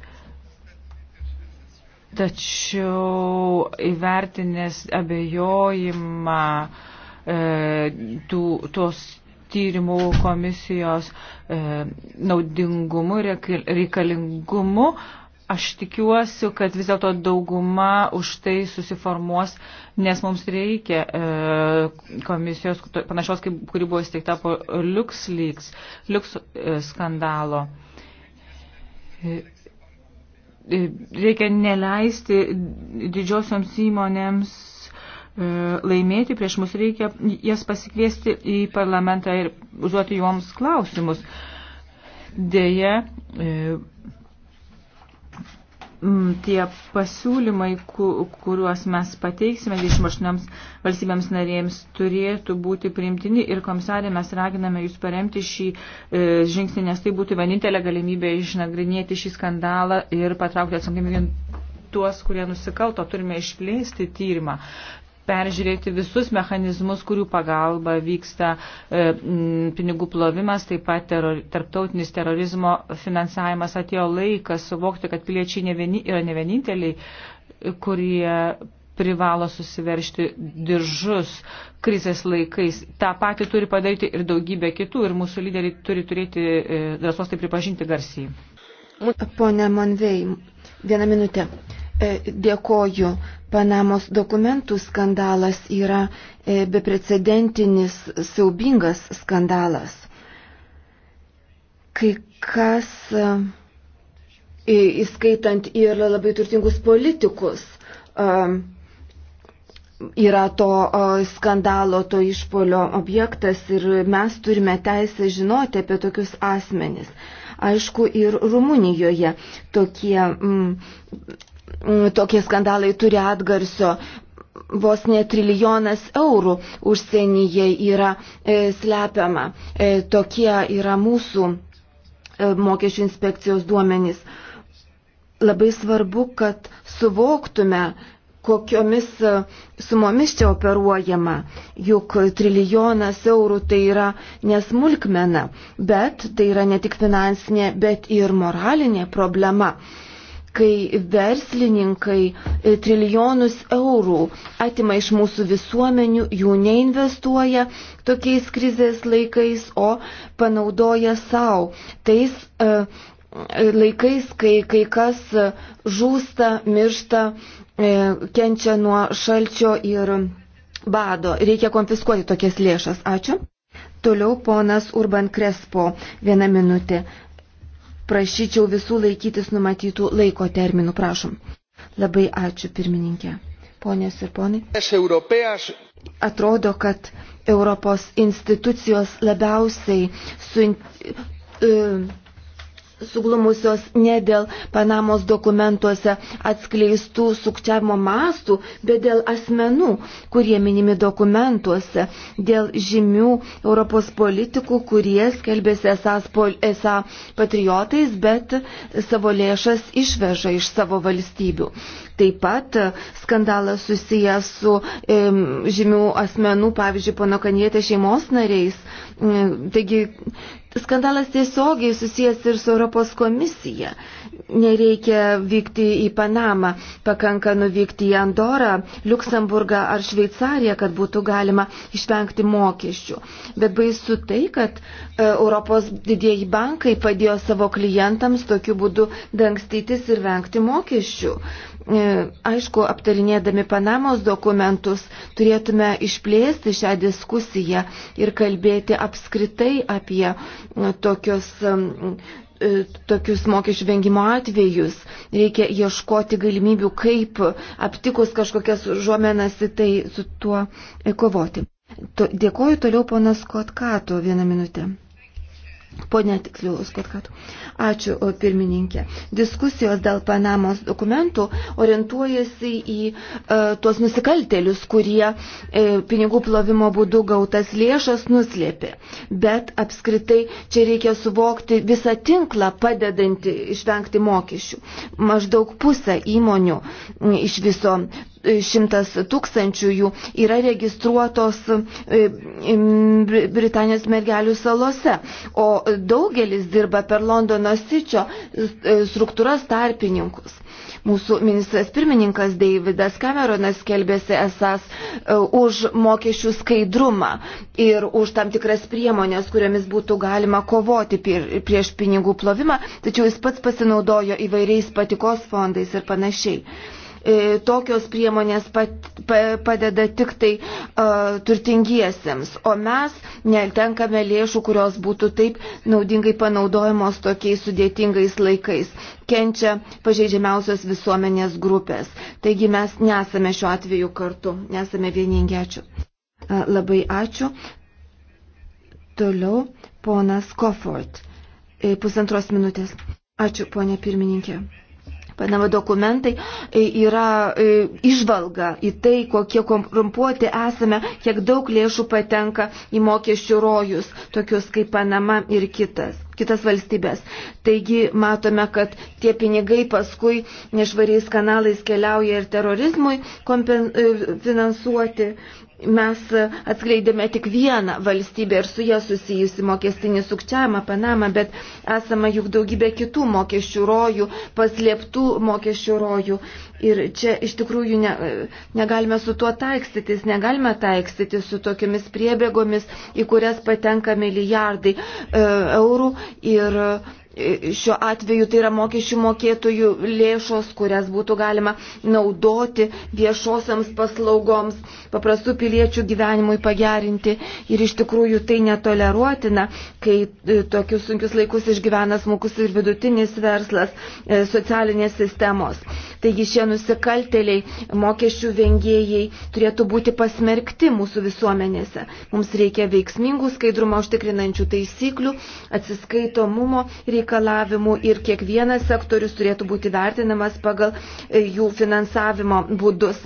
Tačiau įvertinęs abejojimą e, tų, tos tyrimų komisijos e, naudingumu ir reikalingumu. Aš tikiuosi, kad vis dėlto dauguma už tai susiformuos, nes mums reikia e, komisijos, panašios, kaip, kuri buvo įsteigta po LuxLeaks, Lux e, skandalo. E, e reikia neleisti didžiosioms įmonėms E, laimėti, prieš mus reikia jas pasikviesti į parlamentą ir užduoti joms klausimus. Deja, e, tie pasiūlymai, kuriuos mes pateiksime 28 valstybėms narėms, turėtų būti priimtini ir komisarė mes raginame jūs paremti šį e, žingsnį, nes tai būtų vienintelė galimybė išnagrinėti šį skandalą ir patraukti atsakomybę tuos, kurie nusikalto, turime išplėsti tyrimą peržiūrėti visus mechanizmus, kurių pagalba vyksta e, m, pinigų plovimas, taip pat teror, tarptautinis terorizmo finansavimas. Atėjo laikas suvokti, kad piliečiai ne vieni, yra ne vieninteliai, kurie privalo susiveršti diržus krizės laikais. Ta pati turi padaryti ir daugybė kitų, ir mūsų lyderiai turi turėti e, drąsos tai pripažinti garsiai. Pone Manvei, vieną minutę. E, dėkoju. Panamos dokumentų skandalas yra e, beprecedentinis siaubingas skandalas. Kai kas, e, įskaitant ir labai turtingus politikus, e, yra to skandalo, to išpolio objektas ir mes turime teisę žinoti apie tokius asmenis. Aišku, ir Rumunijoje tokie. Mm, Mm, tokie skandalai turi atgarsio. Vos ne trilijonas eurų užsienyje yra e, slepiama. E, tokie yra mūsų e, mokesčių inspekcijos duomenys. Labai svarbu, kad suvoktume, kokiomis e, sumomis čia operuojama. Juk trilijonas eurų tai yra nesmulkmena, bet tai yra ne tik finansinė, bet ir moralinė problema. E, kai verslininkai e, trilijonus eurų atima iš mūsų visuomenių, jų neinvestuoja tokiais krizės laikais, o panaudoja savo. Tais e, e, laikais, kai kai kas e, žūsta, miršta, e, kenčia nuo šalčio ir bado. Reikia konfiskuoti tokias lėšas. Ačiū. Toliau ponas Urban Krespo. Vieną minutę. Prašyčiau visų laikytis numatytų laiko terminų, prašom. Labai ačiū, pirmininkė. Ponės ir ponai. Atrodo, kad Europos institucijos labiausiai su, e, suglumusios ne dėl Panamos dokumentuose atskleistų sukčiavimo mastų, bet dėl asmenų, kurie minimi dokumentuose, dėl žymių Europos politikų, kurie skelbėsi esą patriotais, bet savo lėšas išveža iš savo valstybių. Taip pat skandalas susijęs su e, žymių asmenų, pavyzdžiui, pono Kanietė šeimos nariais. E, taigi skandalas tiesiogiai susijęs ir su Europos komisija. Nereikia vykti į Panamą, pakanka nuvykti į Andorą, Luksemburgą ar Šveicariją, kad būtų galima išvengti mokesčių. Bet baisu tai, kad e, Europos didieji bankai padėjo savo klientams tokiu būdu dangstytis ir vengti mokesčių. E, E, aišku, aptarinėdami Panamos dokumentus, turėtume išplėsti šią diskusiją ir kalbėti apskritai apie e, tokios e, tokius mokesčių vengimo atvejus. Reikia ieškoti galimybių, kaip aptikus kažkokias žuomenas į tai su tuo kovoti. Dėkuoju toliau ponas Kotkato vieną minutę. Pone tiksliau, Skotkatų. Ačiū, pirmininkė. Diskusijos dėl Panamos dokumentų orientuojasi į e, tuos nusikaltelius, kurie e, pinigų plovimo būdu gautas lėšas nuslėpė. Bet apskritai čia reikia suvokti visą tinklą padedantį išvengti mokesčių. Maždaug pusę įmonių iš viso šimtas tūkstančių jų yra registruotos e, Britanijos mergelių salose, o daugelis dirba per Londono sičio e, struktūras tarpininkus. Mūsų ministras pirmininkas Deividas Cameronas kelbėsi esas e, už mokesčių skaidrumą ir už tam tikras priemonės, kuriomis būtų galima kovoti prieš pinigų plovimą, tačiau jis pats pasinaudojo įvairiais patikos fondais ir panašiai. E, tokios priemonės padeda tik tai e, turtingiesiems, o mes netenkame lėšų, kurios būtų taip naudingai panaudojamos tokiais sudėtingais laikais. Kenčia pažeidžiamiausios visuomenės grupės. Taigi mes nesame šiuo atveju kartu, nesame vieningi. Ačiū. E, labai ačiū. Toliau ponas Kofort. Pusantros minutės. Ačiū, ponė pirmininkė. Panama dokumentai e, yra e, išvalga į tai, kokie korumpuoti esame, kiek daug lėšų patenka į mokesčių rojus, tokius kaip Panama ir kitas, kitas valstybės. Taigi matome, kad tie pinigai paskui nešvariais kanalais keliauja ir terorizmui kompen, e, finansuoti mes atskleidėme tik vieną valstybę ir su ją susijusi mokestinį sukčiavimą Panamą, bet esama juk daugybė kitų mokesčių rojų, paslėptų mokesčių rojų. Ir čia iš tikrųjų ne, negalime su tuo taikstytis, negalime taikstytis su tokiamis priebėgomis, į kurias patenka milijardai e, eurų. Ir, e, Šiuo atveju tai yra mokesčių mokėtojų lėšos, kurias būtų galima naudoti viešosiams paslaugoms, paprastų piliečių gyvenimui pagerinti. Ir iš tikrųjų tai netoleruotina, kai e, tokius sunkius laikus išgyvena smukus ir vidutinis verslas, e, socialinės sistemos. Taigi šie nusikalteliai, mokesčių vengėjai turėtų būti pasmerkti mūsų visuomenėse. Mums reikia veiksmingų skaidrumą užtikrinančių taisyklių, atsiskaitomumo. Reikia reikalavimų ir kiekvienas sektorius turėtų būti vertinamas pagal e, jų finansavimo būdus.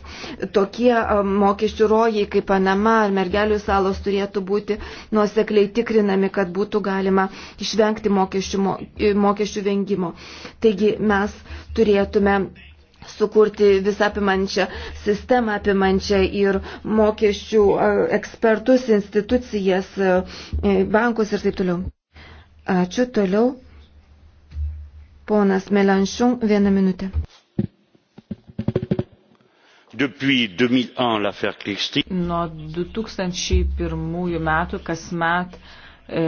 Tokie e, mokesčių rojai kaip Panama ar Mergelių salos turėtų būti nuosekliai tikrinami, kad būtų galima išvengti mokesčių, e, mokesčių vengimo. Taigi mes turėtume sukurti visapimančią sistemą, apimančią ir mokesčių ekspertus, institucijas, bankus ir taip toliau. Ačiū toliau. Ponas Melanchon, vieną minutę. Nuo 2001 metų kasmet e,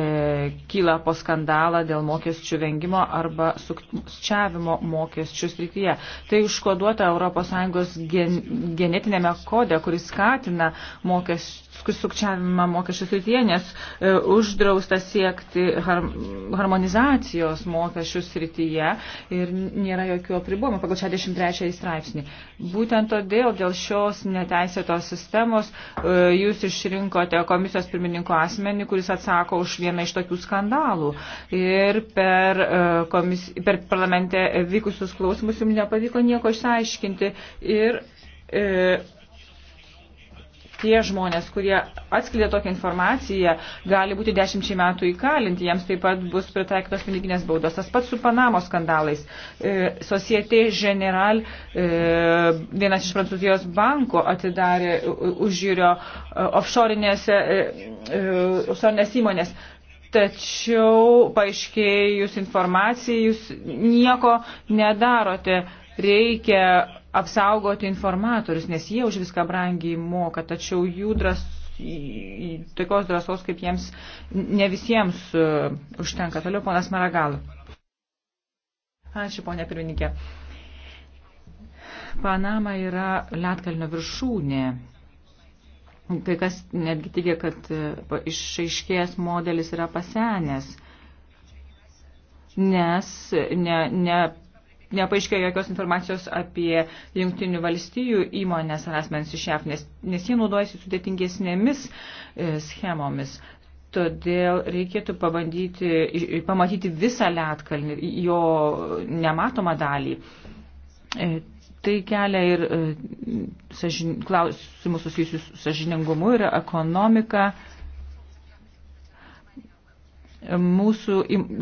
kyla po skandalą dėl mokesčių vengimo arba sukčiavimo mokesčių srityje. Tai užkoduota ES gen, genetinėme kode, kuris skatina mokesčių sukčiavimą mokesčių srityje, nes e, uždrausta siekti harmonizacijos mokesčių srityje ir nėra jokių apribojimų pagal 63 straipsnį. Būtent todėl dėl šios neteisėtos sistemos e, jūs išrinkote komisijos pirmininko asmenį, kuris atsako už vieną iš tokių skandalų. Ir per, e, komis, per parlamente vykusius klausimus jums nepavyko nieko išsiaiškinti. Ir, e, tie žmonės, kurie atskleidė tokią informaciją, gali būti dešimčiai metų įkalinti, jiems taip pat bus pritaikytos piniginės baudos. Tas pats su Panamo skandalais. E, Societe General, e, vienas iš Prancūzijos banko, atidarė užžiūrio offshore'inės e, e, e įmonės. Tačiau paaiškėjus informacijai, jūs nieko nedarote. Reikia apsaugoti informatorius, nes jie už viską brangiai moka, tačiau jų dras, tokios drąsos, kaip jiems ne visiems uh, užtenka. Toliau ponas Maragalų. Ačiū, ponė pirmininkė. Panama yra Lietkalnio viršūnė. Kai kas netgi teigia, kad e, išaiškėjęs modelis yra pasenęs, nes ne, ne nepaaiškėjo jokios informacijos apie jungtinių valstijų įmonės ar asmens iš JAF, nes, nes jie naudojasi sudėtingesnėmis e, schemomis. Todėl reikėtų pabandyti pamatyti visą lietkalnį, jo nematomą dalį. E, tai kelia ir e, sažin, klausimus susijusius su sažiningumu ir ekonomika. Mūsų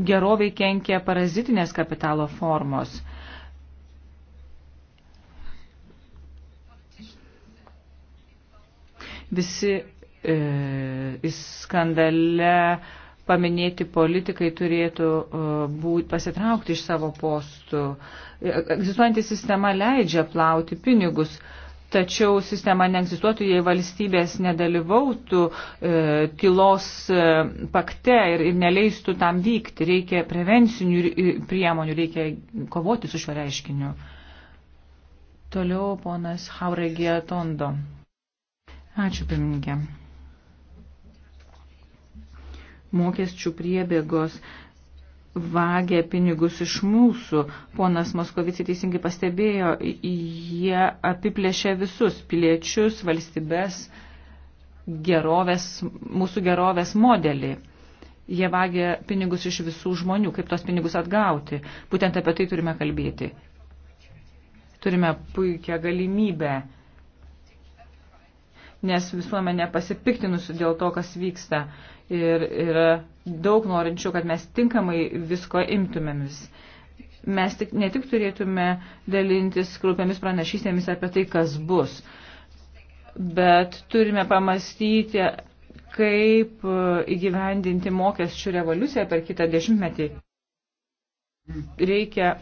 gerovai kenkia parazitinės kapitalo formos. E, Visi e, skandale paminėti politikai turėtų e, būt, pasitraukti iš savo postų. E, egzistuojanti sistema leidžia plauti pinigus, tačiau sistema neegzistuotų, jei valstybės nedalyvautų e, tylos e, pakte ir, ir neleistų tam vykti. Reikia prevencinių priemonių, reikia kovoti su šiuo reiškiniu. Toliau ponas Hauregija Tondo. Ačiū, pirmininkė. Mokesčių priebėgos vagia pinigus iš mūsų. Ponas Moskovici teisingai pastebėjo, jie apiplėšia visus piliečius, valstybės, gerovės, mūsų gerovės modelį. Jie vagia pinigus iš visų žmonių, kaip tos pinigus atgauti. Būtent apie tai turime kalbėti. Turime puikią galimybę nes visuomenė pasipiktinusi dėl to, kas vyksta. Ir yra daug norinčių, kad mes tinkamai visko imtumėmis. Mes tik, ne tik turėtume dalintis grupėmis pranašystėmis apie tai, kas bus, bet turime pamastyti, kaip įgyvendinti mokesčių revoliuciją per kitą dešimtmetį. Reikia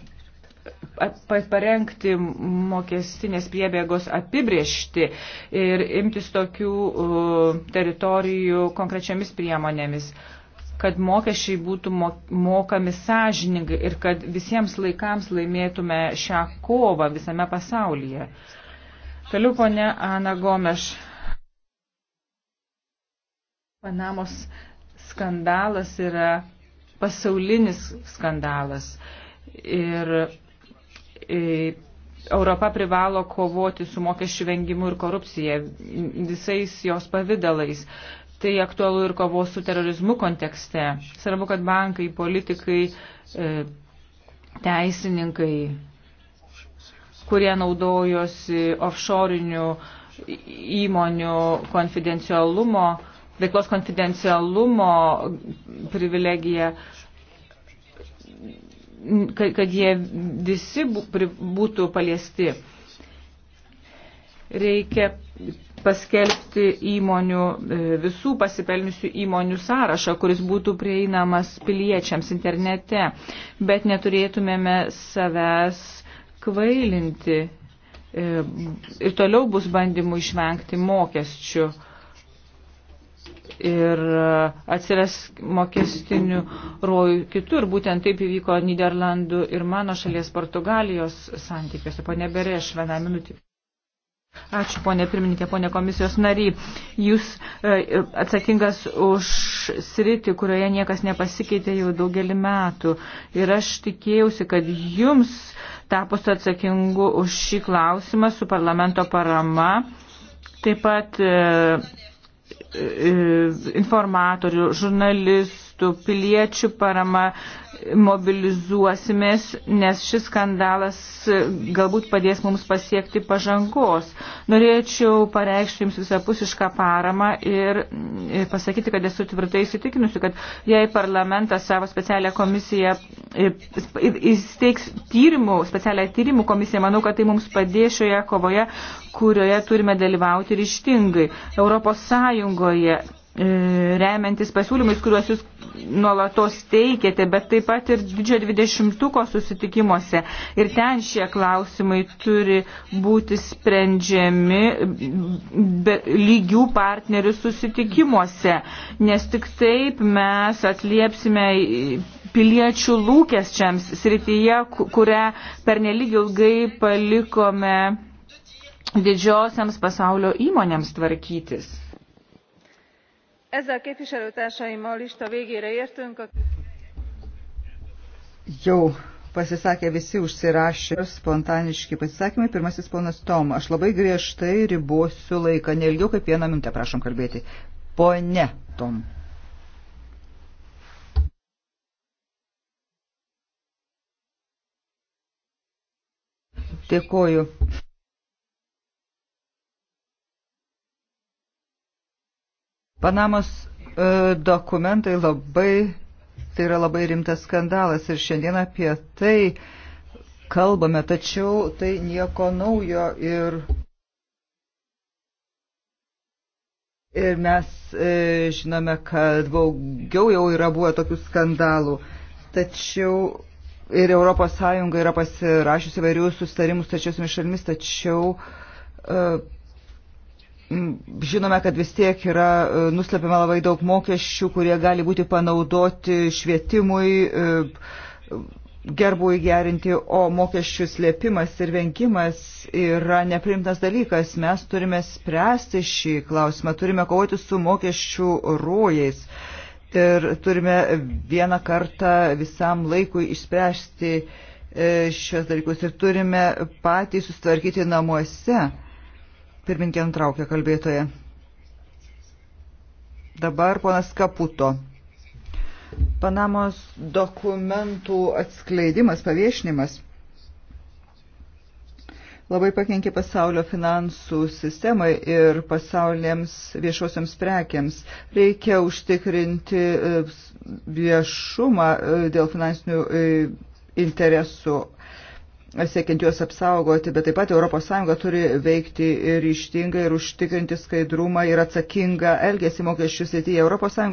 parengti mokestinės priebėgos apibriešti ir imtis tokių teritorijų konkrečiamis priemonėmis kad mokesčiai būtų mokami sąžiningai ir kad visiems laikams laimėtume šią kovą visame pasaulyje. Toliau ponė Ana Gomeš. Panamos skandalas yra pasaulinis skandalas. Ir E, Europa privalo kovoti su mokesčių vengimu ir korupcija visais jos pavydalais. Tai aktualu ir kovos su terorizmu kontekste. Svarbu, kad bankai, politikai, e, teisininkai, kurie naudojosi offshore'inių įmonių konfidencialumo, veiklos konfidencialumo privilegiją, kad, kad jie visi būtų paliesti. Reikia paskelbti įmonių, e, visų pasipelniusių įmonių sąrašą, kuris būtų prieinamas piliečiams internete, bet neturėtumėme savęs kvailinti e, ir toliau bus bandymų išvengti mokesčių ir e, atsiras mokestinių rojų kitur. Būtent taip įvyko Niderlandų ir mano šalies Portugalijos santykiuose. Pone Bereš, vieną minutį. Ačiū, ponė pirmininkė, ponė komisijos nariai. Jūs e, atsakingas už sritį, kurioje niekas nepasikeitė jau daugelį metų. Ir aš tikėjausi, kad jums tapus atsakingu už šį klausimą su parlamento parama. Taip pat e, informatorių, žurnalistų, mastu. Piliečių parama mobilizuosimės, nes šis skandalas e, galbūt padės mums pasiekti pažangos. Norėčiau pareikšti Jums visapusišką paramą ir e, pasakyti, kad esu tvirtai įsitikinusi, kad jei parlamentas savo specialią komisiją e, įsteigs tyrimų, specialią tyrimų komisiją, manau, kad tai mums padės šioje kovoje, kurioje turime dalyvauti ryštingai. Europos Sąjungoje E, remiantis pasiūlymais, kuriuos jūs nuolatos teikėte, bet taip pat ir didžiojo dvidešimtuko susitikimuose. Ir ten šie klausimai turi būti sprendžiami be, lygių partnerių susitikimuose, nes tik taip mes atliepsime piliečių lūkesčiams srityje, kurią per nelig ilgai palikome didžiosiams pasaulio įmonėms tvarkytis ezzel képviselőtársaim a lista végére értünk. Jau pasisakė visi užsirašę spontaniški pasisakymai. Pirmasis ponas Tom, aš labai griežtai ribosiu laiką, neilgiau kaip vieną minutę, prašom kalbėti. Pone Tom. Dėkoju. Panamos e, dokumentai labai, tai yra labai rimtas skandalas ir šiandien apie tai kalbame, tačiau tai nieko naujo ir, ir mes e, žinome, kad daugiau jau yra buvę tokių skandalų, tačiau ir ES yra pasirašiusi vairių sustarimus tačiosiamis šalimis, tačiau e, Mm, žinome, kad vis tiek yra e, nuslepiama labai daug mokesčių, kurie gali būti panaudoti švietimui, e, gerbui gerinti, o mokesčių slėpimas ir venkimas yra neprimtas dalykas. Mes turime spręsti šį klausimą, turime kovoti su mokesčių rojais ir turime vieną kartą visam laikui išspręsti e, šios dalykus ir turime patys sustvarkyti namuose Pirminkė antraukė kalbėtoje. Dabar ponas Kaputo. Panamos dokumentų atskleidimas, paviešinimas labai pakenkė pasaulio finansų sistemai ir pasaulėms viešosiams prekiams. Reikia užtikrinti e, viešumą e, dėl finansinių e, interesų siekiant juos apsaugoti, bet taip pat ES turi veikti ryštingai ir užtikrinti skaidrumą ir atsakingą elgesį mokesčių srityje.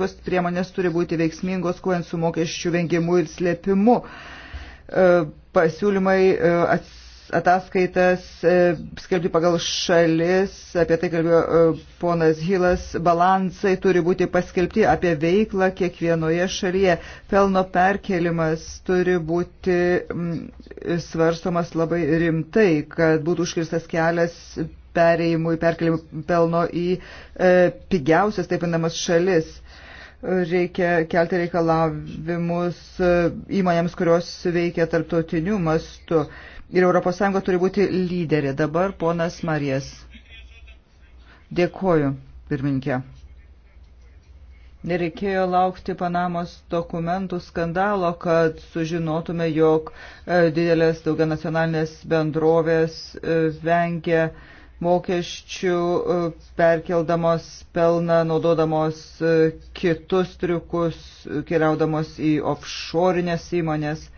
ES priemonės turi būti veiksmingos, kuojant su mokesčių vengimu ir slėpimu. E, pasiūlymai e, ats ataskaitas e, skelbti pagal šalis, apie tai kalbėjo e, ponas Hilas, balansai turi būti paskelbti apie veiklą kiekvienoje šalyje. Pelno perkelimas turi būti svarstomas labai rimtai, kad būtų užkirstas kelias perėjimui, perkelimui pelno į e, pigiausias, taip vadinamas, šalis. Reikia kelti reikalavimus e, įmonėms, kurios veikia tarptautiniu mastu. E, ir ES turi būti lyderė. Dabar ponas Marijas. Dėkoju, pirminkė. Nereikėjo laukti Panamos dokumentų skandalo, kad sužinotume, jog e, didelės daugianacionalinės bendrovės e, vengia mokesčių, e, perkeldamos pelną, naudodamos kitus triukus, keliaudamos į offshore'inės įmonės.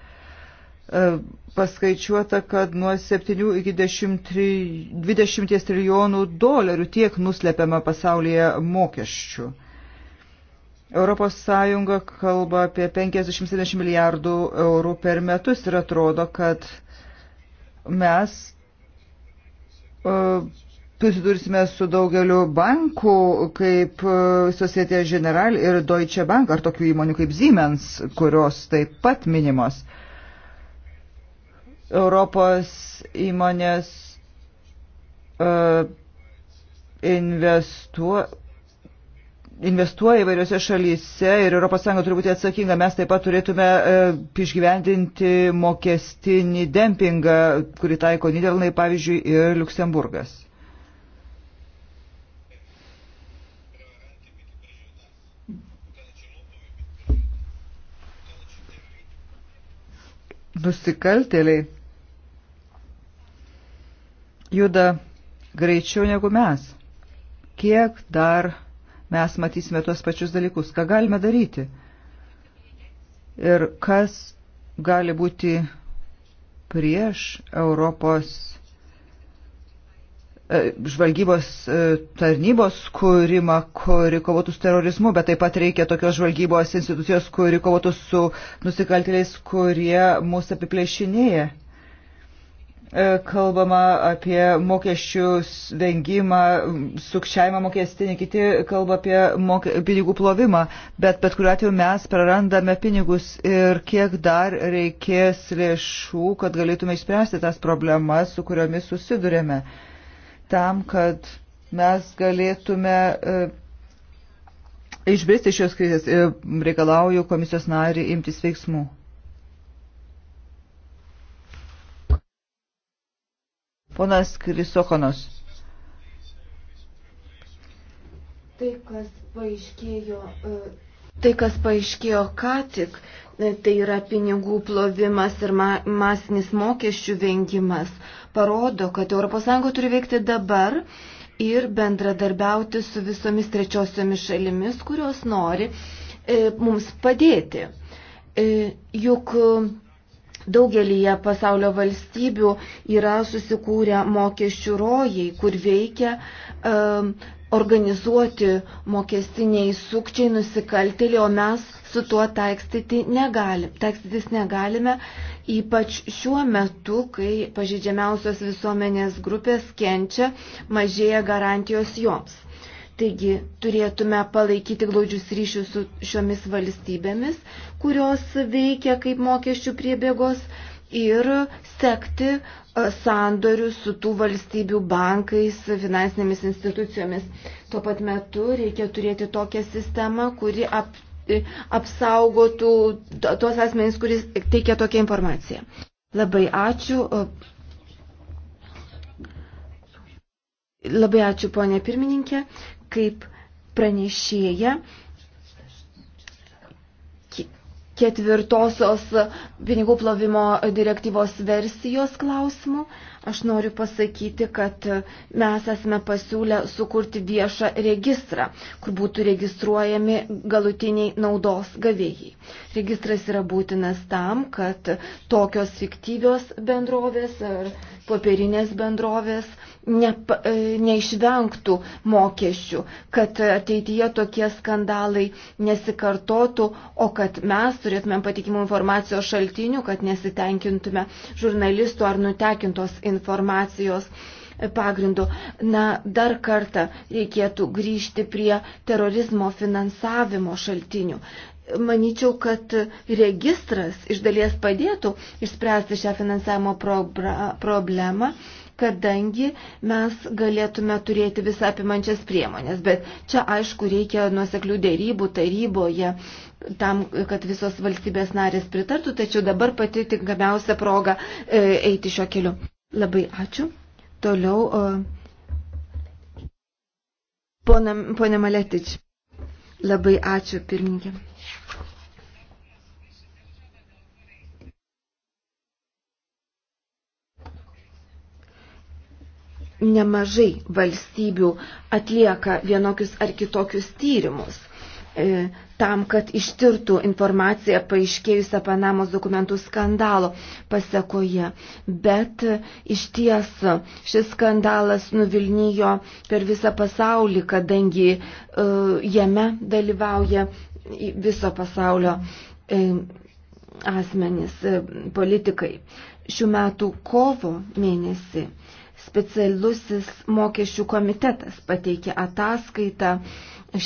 E, paskaičiuota, kad nuo 7 iki 20 trilijonų dolerių tiek nuslepiama pasaulyje mokesčių. Europos Sąjunga kalba apie 50-70 milijardų eurų per metus ir atrodo, kad mes uh, susidursime su daugeliu bankų, kaip e, Societė General ir Deutsche Bank, ar tokių įmonių kaip Siemens, kurios taip pat minimos. Uh, Europos įmonės uh, investuo, investuoja įvairiose šalyse ir ES turi būti atsakinga. Mes taip pat turėtume e, išgyvendinti mokestinį dempingą, kurį taiko Niderlandai, pavyzdžiui, ir Luksemburgas. Nusikaltėliai juda greičiau negu mes. Kiek dar mes matysime tuos pačius dalykus, ką galime daryti ir kas gali būti prieš Europos e, žvalgybos e, tarnybos kūrimą, kuri kovotų su terorizmu, bet taip pat reikia tokios žvalgybos institucijos, kuri kovotų su nusikaltėliais, kurie mūsų apiplėšinėja. E, kalbama apie mokesčių vengimą, sukčiavimą mokestinį, kiti kalba apie mok... pinigų plovimą, bet bet kuriuo atveju mes prarandame pinigus ir kiek dar reikės lėšų, kad galėtume išspręsti tas problemas, su kuriomis susidurėme, tam, kad mes galėtume e, išbristi šios krizės ir e, reikalauju komisijos narį imtis veiksmų. Ponas Krisokonos. Tai, kas paaiškėjo, e, tai, kas paaiškėjo ką tik, e, tai yra pinigų plovimas ir masinis mokesčių vengimas, parodo, kad ES turi veikti dabar ir bendradarbiauti su visomis trečiosiomis šalimis, kurios nori e, mums padėti. Juk Daugelįje pasaulio valstybių yra susikūrę mokesčių rojai, kur veikia um, organizuoti mokestiniai sukčiai nusikaltėliai, o mes su tuo taikstyti negalim, taikstytis negalime, ypač šiuo metu, kai pažydžiamiausios visuomenės grupės kenčia, mažėja garantijos joms. Taigi turėtume palaikyti glaudžius ryšius su šiomis valstybėmis, kurios veikia kaip mokesčių priebėgos ir sekti sandorius su tų valstybių bankais, finansinėmis institucijomis. Tuo pat metu reikia turėti tokią sistemą, kuri ap, e, apsaugotų tuos asmenys, kuris teikia tokią informaciją. Labai ačiū. Labai ačiū, ponė pirmininkė kaip pranešėja ketvirtosios pinigų plovimo direktyvos versijos klausimų. Aš noriu pasakyti, kad mes esame pasiūlę sukurti viešą registrą, kur būtų registruojami galutiniai naudos gavėjai. Registras yra būtinas tam, kad tokios fiktyvios bendrovės ar popierinės bendrovės ne, e, neišvengtų mokesčių, kad ateityje tokie skandalai nesikartotų, o kad mes turėtumėm patikimų informacijos šaltinių, kad nesitenkintume žurnalistų ar nutekintos informacijos. Pagrindu. Na, dar kartą reikėtų grįžti prie terorizmo finansavimo šaltinių manyčiau, kad registras iš dalies padėtų išspręsti šią finansavimo problemą, kadangi mes galėtume turėti visą apimančias priemonės. Bet čia, aišku, reikia nuoseklių dėrybų taryboje tam, kad visos valstybės narės pritartų, tačiau dabar pati tinkamiausia proga e, eiti šio keliu. Labai ačiū. Toliau. E, pone Maletič. Labai ačiū, pirmininkė. nemažai valstybių atlieka vienokius ar kitokius tyrimus e, tam, kad ištirtų informaciją paaiškėjusią Panamos dokumentų skandalo pasekoje. Bet e, iš ties šis skandalas nuvilnyjo per visą pasaulį, kadangi uh, jame dalyvauja viso pasaulio uh, asmenys, uh, politikai. Šių metų kovo mėnesį uh, specialusis mokesčių komitetas pateikė ataskaitą.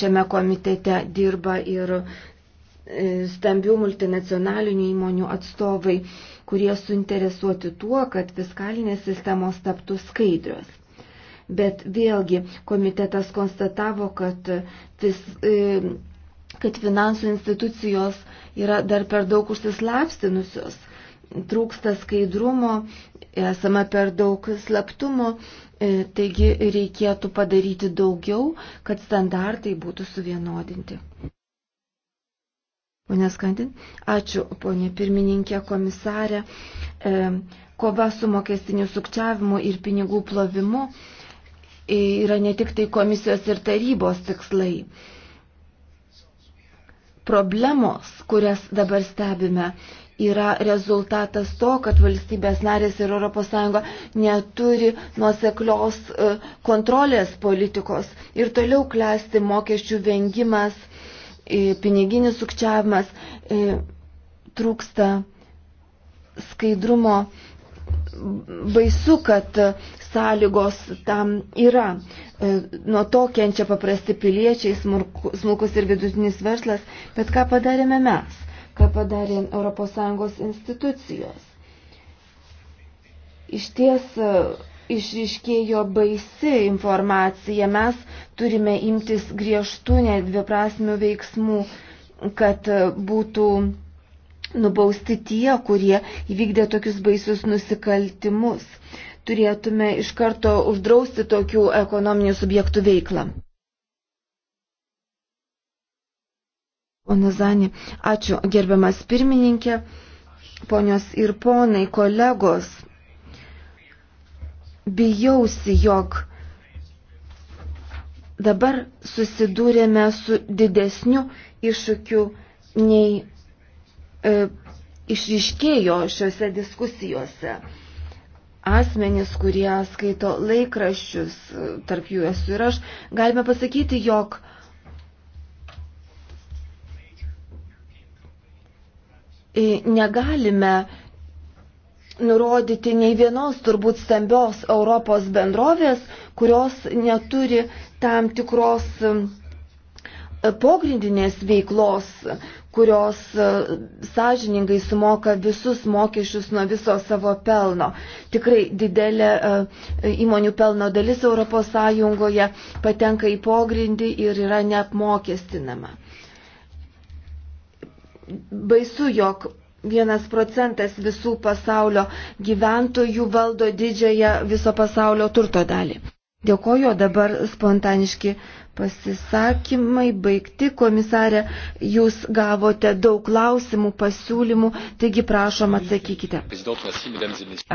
Šiame komitete dirba ir e, stambių multinacionalinių įmonių atstovai, kurie suinteresuoti tuo, kad fiskalinės sistemos taptų skaidrios. Bet vėlgi komitetas konstatavo, kad, vis, e, kad finansų institucijos yra dar per daug užsislapstinusios, trūksta skaidrumo esama per daug slaptumo, e, taigi reikėtų padaryti daugiau, kad standartai būtų suvienodinti. Pone Skandin, ačiū, ponė pirmininkė, komisarė. E, kova su mokestiniu sukčiavimu ir pinigų plovimu yra ne tik tai komisijos ir tarybos tikslai. Problemos, kurias dabar stebime, yra rezultatas to, kad valstybės narės ir ES neturi nuoseklios e, kontrolės politikos ir toliau klesti mokesčių vengimas, e, piniginis sukčiavimas, e, trūksta skaidrumo. Baisu, kad sąlygos tam yra. Nuo to kenčia paprasti piliečiai, smulkus ir vidutinis verslas, bet ką padarėme mes? ką padarė ES institucijos. Iš ties e, išriškėjo baisi informacija, mes turime imtis griežtų nedviprasmių veiksmų, kad e, būtų nubausti tie, kurie įvykdė tokius baisius nusikaltimus. Turėtume iš karto uždrausti tokių ekonominių subjektų veiklą. Onazani, ačiū gerbiamas pirmininkė, ponios ir ponai, kolegos. Bijausi, jog dabar susidūrėme su didesniu iššūkiu nei e, išriškėjo šiuose diskusijose. Asmenys, kurie skaito laikraščius, e, tarp jų esu ir aš, galime pasakyti, jog e, E, negalime nurodyti nei vienos turbūt stambios Europos bendrovės, kurios neturi tam tikros e, pogrindinės veiklos, kurios e, sąžiningai sumoka visus mokesčius nuo viso savo pelno. Tikrai didelė įmonių pelno dalis ES patenka į pogrindį ir yra neapmokestinama. Baisu, jog vienas procentas visų pasaulio gyventojų valdo didžiąją viso pasaulio turto dalį. Dėkoju, dabar spontaniški pasisakymai baigti. Komisarė, jūs gavote daug klausimų, pasiūlymų, taigi prašom atsakykite.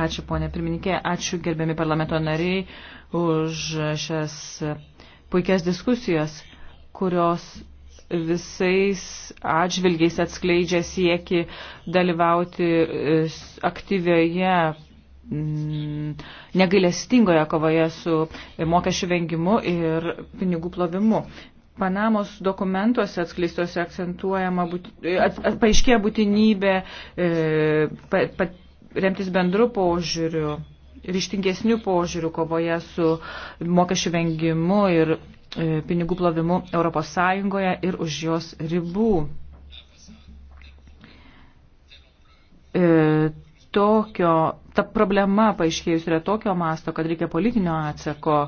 Ačiū, ponė pirmininkė, ačiū gerbiami parlamento nariai už šias puikias diskusijas, kurios visais atžvilgiais atskleidžia sieki dalyvauti e, aktyvioje negailestingoje kovoje su e, mokesčių vengimu ir pinigų plovimu. Panamos dokumentuose atskleistuose akcentuojama, e, at, at, paaiškėja būtinybė e, pa, pa, remtis bendru požiūriu ryštingesnių požiūrių kovoje su mokesčių vengimu ir e, pinigų plovimu Europos Sąjungoje ir už jos ribų. E, tokio, ta problema paaiškėjus yra tokio masto, kad reikia politinio atsako,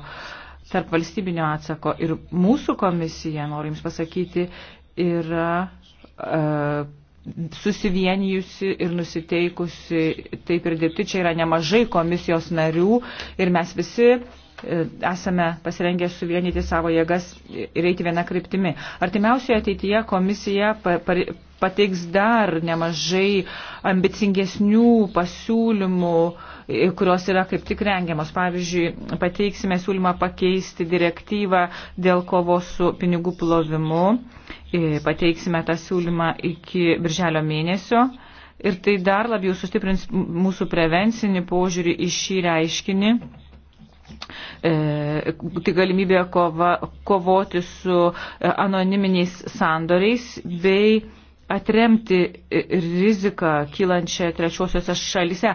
tarp valstybinio atsako. Ir mūsų komisija, noriu Jums pasakyti, yra e, susivienijusi ir nusiteikusi taip ir dirbti. Čia yra nemažai komisijos narių ir mes visi e, esame pasirengę suvienyti savo jėgas ir eiti vieną kryptimį. Artimiausioje ateityje komisija pateiks dar nemažai ambicingesnių pasiūlymų, e, kurios yra kaip tik rengiamos. Pavyzdžiui, pateiksime siūlymą pakeisti direktyvą dėl kovos su pinigų plovimu E, pateiksime tą siūlymą iki birželio mėnesio ir tai dar labiau sustiprins mūsų prevencinį požiūrį į šį reiškinį. E, tai galimybė kova, kovoti su e, anoniminiais sandoriais bei atremti e, riziką kylančią trečiosiuose šalise.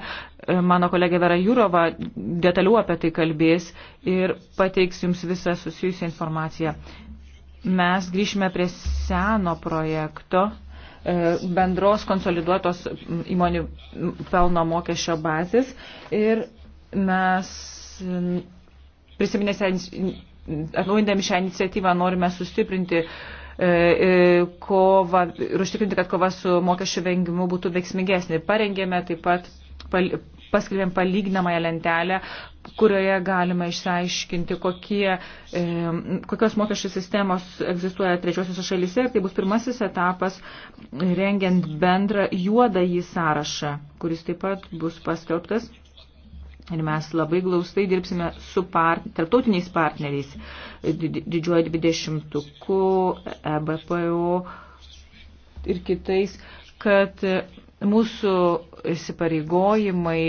Mano kolegė Vera Jūrova detaliu apie tai kalbės ir pateiks jums visą susijusią informaciją mes grįšime prie seno projekto e, bendros konsoliduotos įmonių pelno mokesčio bazės ir mes prisiminę atnaujindami šią iniciatyvą norime sustiprinti e, e, kovą ir užtikrinti, kad kova su mokesčių vengimu būtų veiksmingesnė. Parengėme taip pat paskelbėm palyginamąją lentelę, kurioje galima išsiaiškinti, kokie, e, kokios mokesčių sistemos egzistuoja trečiosiuose šalyse. Ir tai bus pirmasis etapas rengiant bendrą juodąjį sąrašą, kuris taip pat bus paskelbtas. Ir mes labai glaustai dirbsime su part, tarptautiniais partneriais, didžiuoju dvidešimtuku, EBPO ir kitais, kad mūsų įsipareigojimai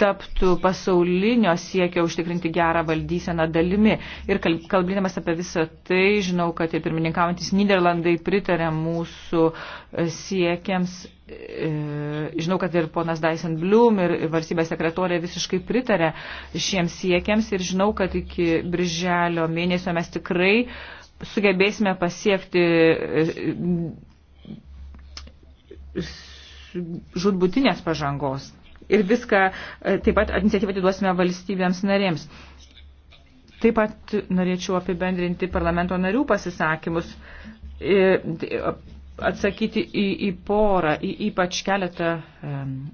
taptų pasaulinio siekio užtikrinti gerą valdyseną dalimi. Ir kalbėdamas apie visą tai, žinau, kad ir pirmininkaujantis Niderlandai pritarė mūsų e, siekiams. E, žinau, kad ir ponas Dyson Bloom ir valstybės sekretorė visiškai pritarė šiems siekiams ir žinau, kad iki birželio mėnesio mes tikrai sugebėsime pasiekti e, žudbutinės pažangos. Ir viską e, taip pat iniciatyvą atiduosime valstybėms narėms. Taip pat norėčiau apibendrinti parlamento narių pasisakymus, e, e, atsakyti į, į porą, į, ypač keletą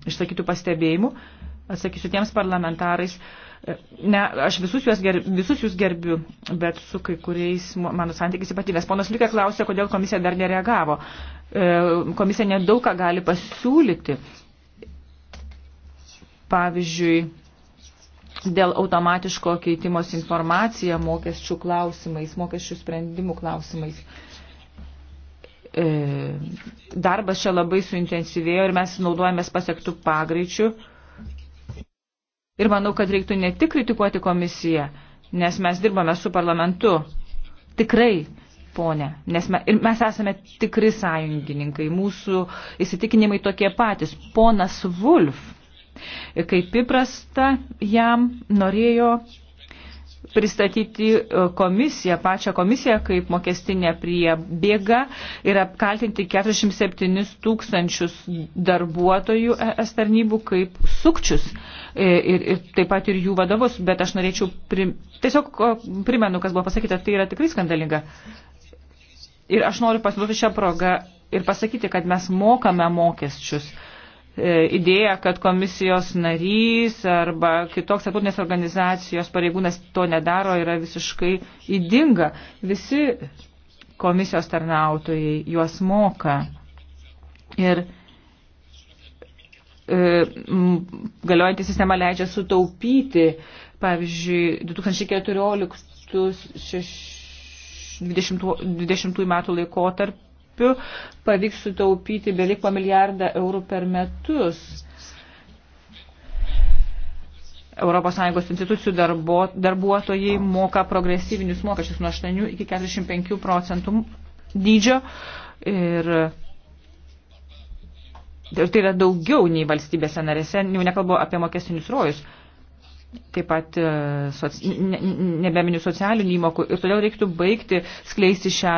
išsakytų pastebėjimų. Atsakysiu tiems parlamentarais. Ne, aš visus, juos gerb, visus jūs gerbiu, bet su kai kuriais mano santykis ypatingas. Ponas Liukė klausė, kodėl komisija dar nereagavo. E, komisija nedaug ką gali pasiūlyti. Pavyzdžiui, dėl automatiško keitimos informacija mokesčių klausimais, mokesčių sprendimų klausimais. E, darbas čia labai suintensyvėjo ir mes naudojamės pasiektų pagreičių. Ir manau, kad reiktų ne tik kritikuoti komisiją, nes mes dirbame su parlamentu. Tikrai ponė, nes me, ir mes esame tikri sąjungininkai, mūsų įsitikinimai tokie patys. Ponas Vulf, kaip įprasta, jam norėjo pristatyti e, komisiją, pačią komisiją kaip mokestinę priebėgą ir apkaltinti 47 tūkstančius darbuotojų es tarnybų kaip sukčius e, ir, ir taip pat ir jų vadovus, bet aš norėčiau, prim, tiesiog primenu, kas buvo pasakyta, tai yra tikrai skandalinga. Ir aš noriu pasiduoti šią progą ir pasakyti, kad mes mokame mokesčius. E, idėja, kad komisijos narys arba kitoks tarptautinės organizacijos pareigūnas to nedaro, yra visiškai įdinga. Visi komisijos tarnautojai juos moka. Ir e, galiojanti sistema leidžia sutaupyti, pavyzdžiui, 2014 6 20, 20 metų laikotarpiu pavyks sutaupyti beveik po milijardą eurų per metus. ES institucijų darbo, darbuotojai moka progresyvinius mokesčius nuo 8 iki 45 procentų dydžio ir, ir tai yra daugiau nei valstybėse narėse, jau nekalbu apie mokestinius rojus taip pat e, soc, nebeminių socialinių įmokų ir todėl reiktų baigti skleisti šią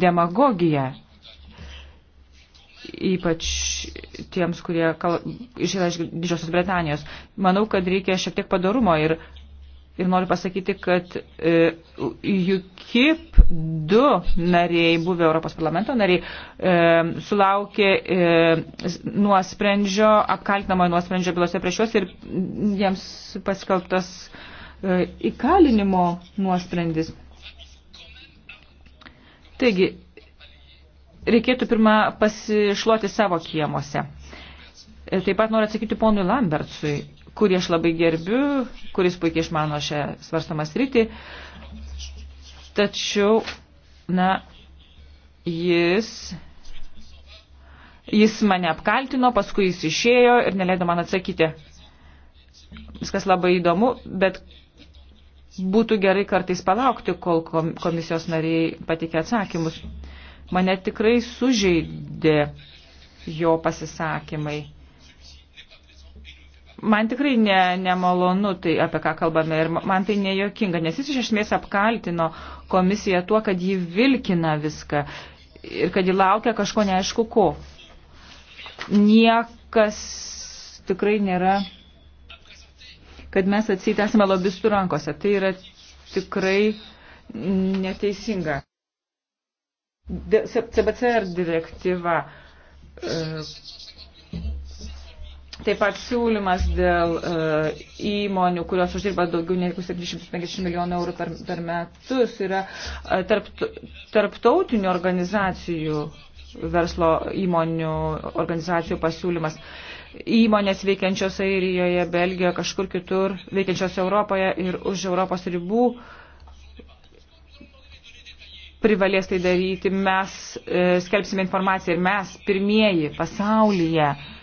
demagogiją. Ypač tiems, kurie kal... iš Didžiosios Britanijos. Manau, kad reikia šiek tiek padarumo ir Ir noriu pasakyti, kad e, UKIP du nariai, buvę Europos parlamento nariai, e, sulaukė e, nuosprendžio, apkaltinamojo nuosprendžio bylose prieš juos ir jiems paskelbtas įkalinimo nuosprendis. Taigi, reikėtų pirmą pasišluoti savo kiemuose. Taip pat noriu atsakyti ponui Lambertsui kurį aš labai gerbiu, kuris puikiai išmano šią svarstamą sritį. Tačiau, na, jis, jis mane apkaltino, paskui jis išėjo ir neleido man atsakyti. Viskas labai įdomu, bet būtų gerai kartais palaukti, kol komisijos nariai patikė atsakymus. Mane tikrai sužeidė jo pasisakymai man tikrai ne, nemalonu, tai apie ką kalbame ir man tai nejokinga, nes jis iš esmės apkaltino komisiją tuo, kad jį vilkina viską ir kad jį laukia kažko neaišku ko. Niekas tikrai nėra, kad mes atsitę esame lobistų rankose. Tai yra tikrai neteisinga. CBCR direktyva e, Taip pat siūlymas dėl uh, įmonių, kurios uždirba daugiau nei 750 milijonų eurų per, per metus, yra uh, tarp, tarptautinių organizacijų verslo įmonių organizacijų pasiūlymas. Įmonės veikiančios Airijoje, Belgijoje, kažkur kitur, veikiančios Europoje ir už Europos ribų privalės tai daryti. Mes e, uh, skelbsime informaciją ir mes pirmieji pasaulyje. E,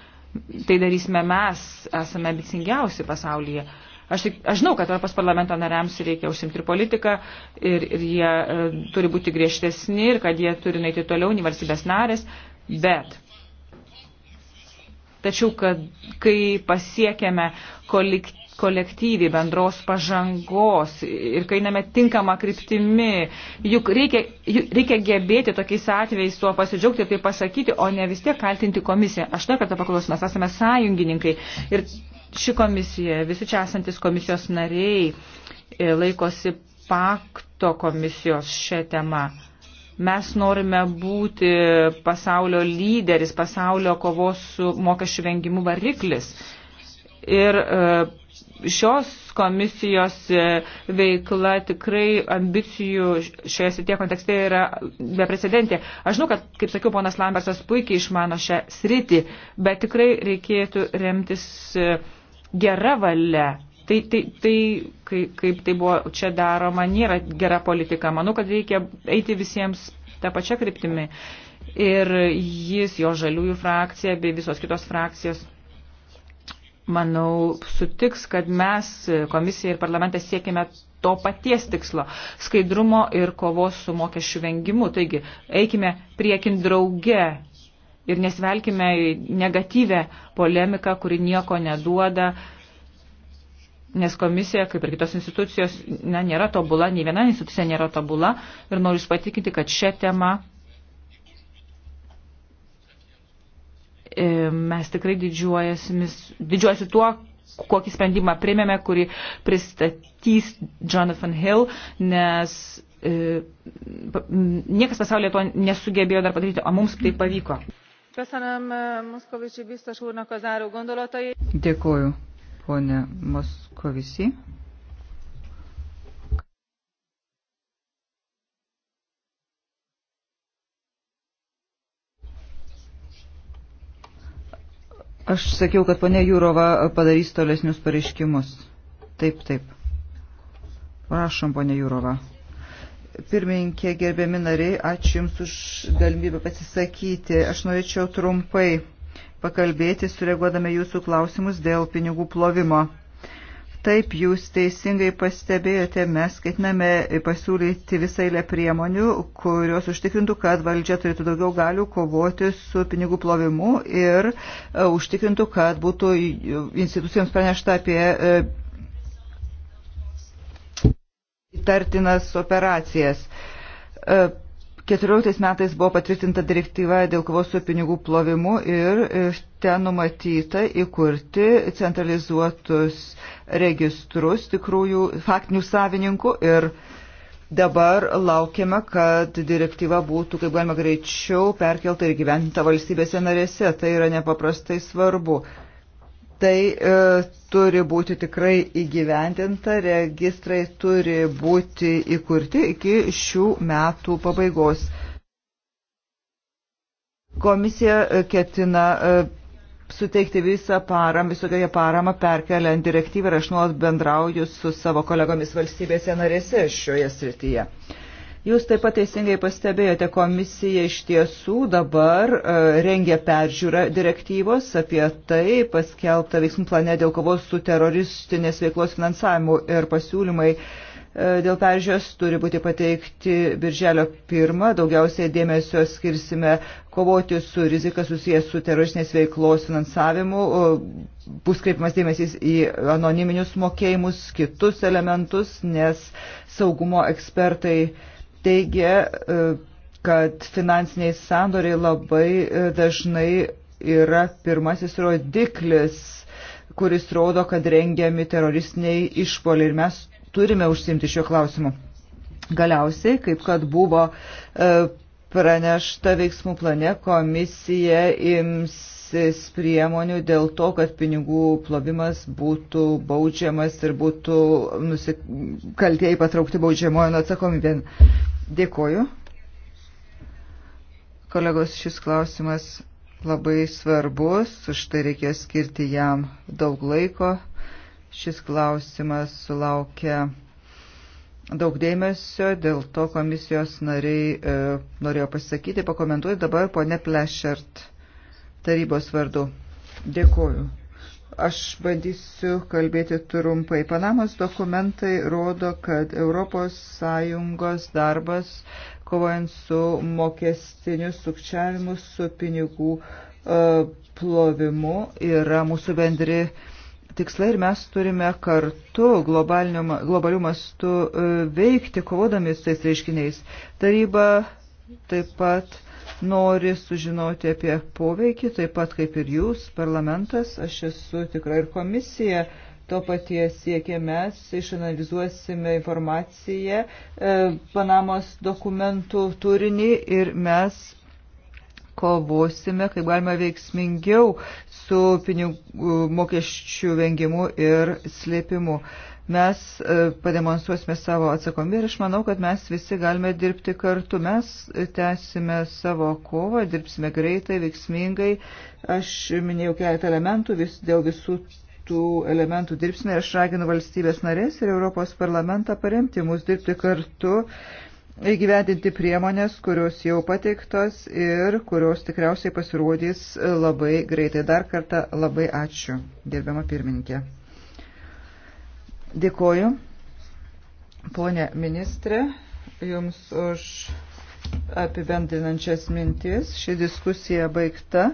tai darysime mes, esame ambicingiausi pasaulyje. Aš, tik, aš žinau, kad Europos parlamento nariams reikia užsimti ir politiką ir, ir jie e, turi būti griežtesni ir kad jie turi naiti toliau nei valstybės narės, bet tačiau, kad kai pasiekėme kolektyvą, kolektyviai bendros pažangos ir kai einame tinkamą kryptimi. Juk reikia, juk reikia gebėti tokiais atvejais tuo pasidžiaugti ir tai pasakyti, o ne vis tiek kaltinti komisiją. Aš dar kartą paklausiu, mes esame sąjungininkai ir ši komisija, visi čia esantis komisijos nariai e, laikosi pakto komisijos šią temą mes norime būti pasaulio lyderis, pasaulio kovos su mokesčių vengimu variklis. Ir e, šios komisijos e, veikla tikrai ambicijų šioje srityje kontekste yra beprecedentė. Aš žinau, kad, kaip sakiau, ponas Lambersas puikiai išmano šią sritį, bet tikrai reikėtų remtis e, gera valia. Tai, tai, tai kaip, kaip tai buvo čia daroma, nėra gera politika. Manau, kad reikia eiti visiems tą pačią kryptimį. Ir jis, jo žaliųjų frakcija bei visos kitos frakcijos manau, sutiks, kad mes, komisija ir parlamentas, siekime to paties tikslo - skaidrumo ir kovos su mokesčių vengimu. Taigi, eikime priekin drauge ir nesvelkime į negatyvę polemiką, kuri nieko neduoda, nes komisija, kaip ir kitos institucijos, na, nėra tobula, nei viena institucija nėra tobula ir noriu patikinti, kad šią temą E, mes tikrai didžiuojasi tuo, kokį sprendimą primėme, kurį pristatys Jonathan Hill, nes e, niekas pasaulyje to nesugebėjo dar padaryti, o mums tai pavyko. E, Dėkuoju, ponė Moskovisi. Aš sakiau, kad ponė Jūrova padarys tolesnius pareiškimus. Taip, taip. Prašom, ponė Jūrova. Pirmininkė, gerbiami nariai, ačiū Jums už galimybę pasisakyti. Aš norėčiau trumpai pakalbėti, sureaguodami Jūsų klausimus dėl pinigų plovimo. Taip, jūs teisingai pastebėjote, mes skaitiname pasiūlyti visą eilę priemonių, kurios užtikrintų, kad valdžia turėtų daugiau galių kovoti su pinigų plovimu ir e, užtikrintų, kad būtų institucijoms pranešta apie e, įtartinas operacijas. E, 14 metais buvo patvirtinta direktyva dėl kovos su pinigų plovimu ir e, ten numatyta įkurti centralizuotus registrus tikrųjų faktinių savininkų ir dabar laukiame, kad direktyva būtų kaip galima greičiau perkelta ir gyventa valstybėse narėse. Tai yra nepaprastai svarbu tai e, turi būti tikrai įgyvendinta, registrai turi būti įkurti iki šių metų pabaigos. Komisija e, ketina e, suteikti visą paramą, visokią paramą perkeliant direktyvą ir aš nuolat bendrauju su savo kolegomis valstybėse narėse šioje srityje. E, Jūs taip pat teisingai pastebėjote, komisija iš tiesų dabar e, rengia peržiūrą direktyvos apie tai paskelbtą veiksmų plane dėl kovos su teroristinės veiklos finansavimu ir pasiūlymai e, dėl peržiūros turi būti pateikti birželio pirmą. Daugiausiai dėmesio skirsime kovoti su rizika susijęs su teroristinės veiklos finansavimu. Bus kreipimas dėmesys į anoniminius mokėjimus, kitus elementus, nes saugumo ekspertai teigia, e, kad finansiniai sandoriai labai e, dažnai yra pirmasis rodiklis, kuris rodo, kad rengiami teroristiniai išpoliai ir mes turime užsimti šiuo klausimu. Galiausiai, kaip kad buvo e, pranešta veiksmų plane komisija imsis priemonių dėl to, kad pinigų plovimas būtų baudžiamas ir būtų nusikaltieji patraukti baudžiamojo atsakomybėn. Dėkoju. Kolegos, šis klausimas labai svarbus, už tai reikėjo skirti jam daug laiko. Šis klausimas sulaukia daug dėmesio, dėl to komisijos nariai e, norėjo pasisakyti, pakomentuoti dabar ponė Plešert tarybos vardu. Dėkuoju. Aš bandysiu kalbėti trumpai. Panamos dokumentai rodo, kad ES darbas kovojant su mokestiniu sukčiavimu, su pinigų e, plovimu yra mūsų bendri e, tikslai ir mes turime kartu globalių mastų e, veikti, kovodami su tais reiškiniais. Taryba taip pat nori sužinoti apie poveikį, taip pat kaip ir jūs, parlamentas, aš esu tikra ir komisija. To paties siekia mes, išanalizuosime informaciją, e, Panamos dokumentų turinį ir mes kovosime, kaip galima veiksmingiau su pinigų mokesčių vengimu ir slėpimu. Mes e, pademonstruosime savo atsakomybę ir aš manau, kad mes visi galime dirbti kartu. Mes tęsime savo kovą, dirbsime greitai, veiksmingai. Aš minėjau keletą elementų, vis, dėl visų tų elementų dirbsime ir aš raginu valstybės narės ir Europos parlamentą paremti mus dirbti kartu įgyvendinti priemonės, kurios jau pateiktos ir kurios tikriausiai pasirodys labai greitai. Dar kartą labai ačiū, gerbiama pirmininkė. Dėkoju, ponė ministrė, jums už apibendrinančias mintis. Ši diskusija baigta.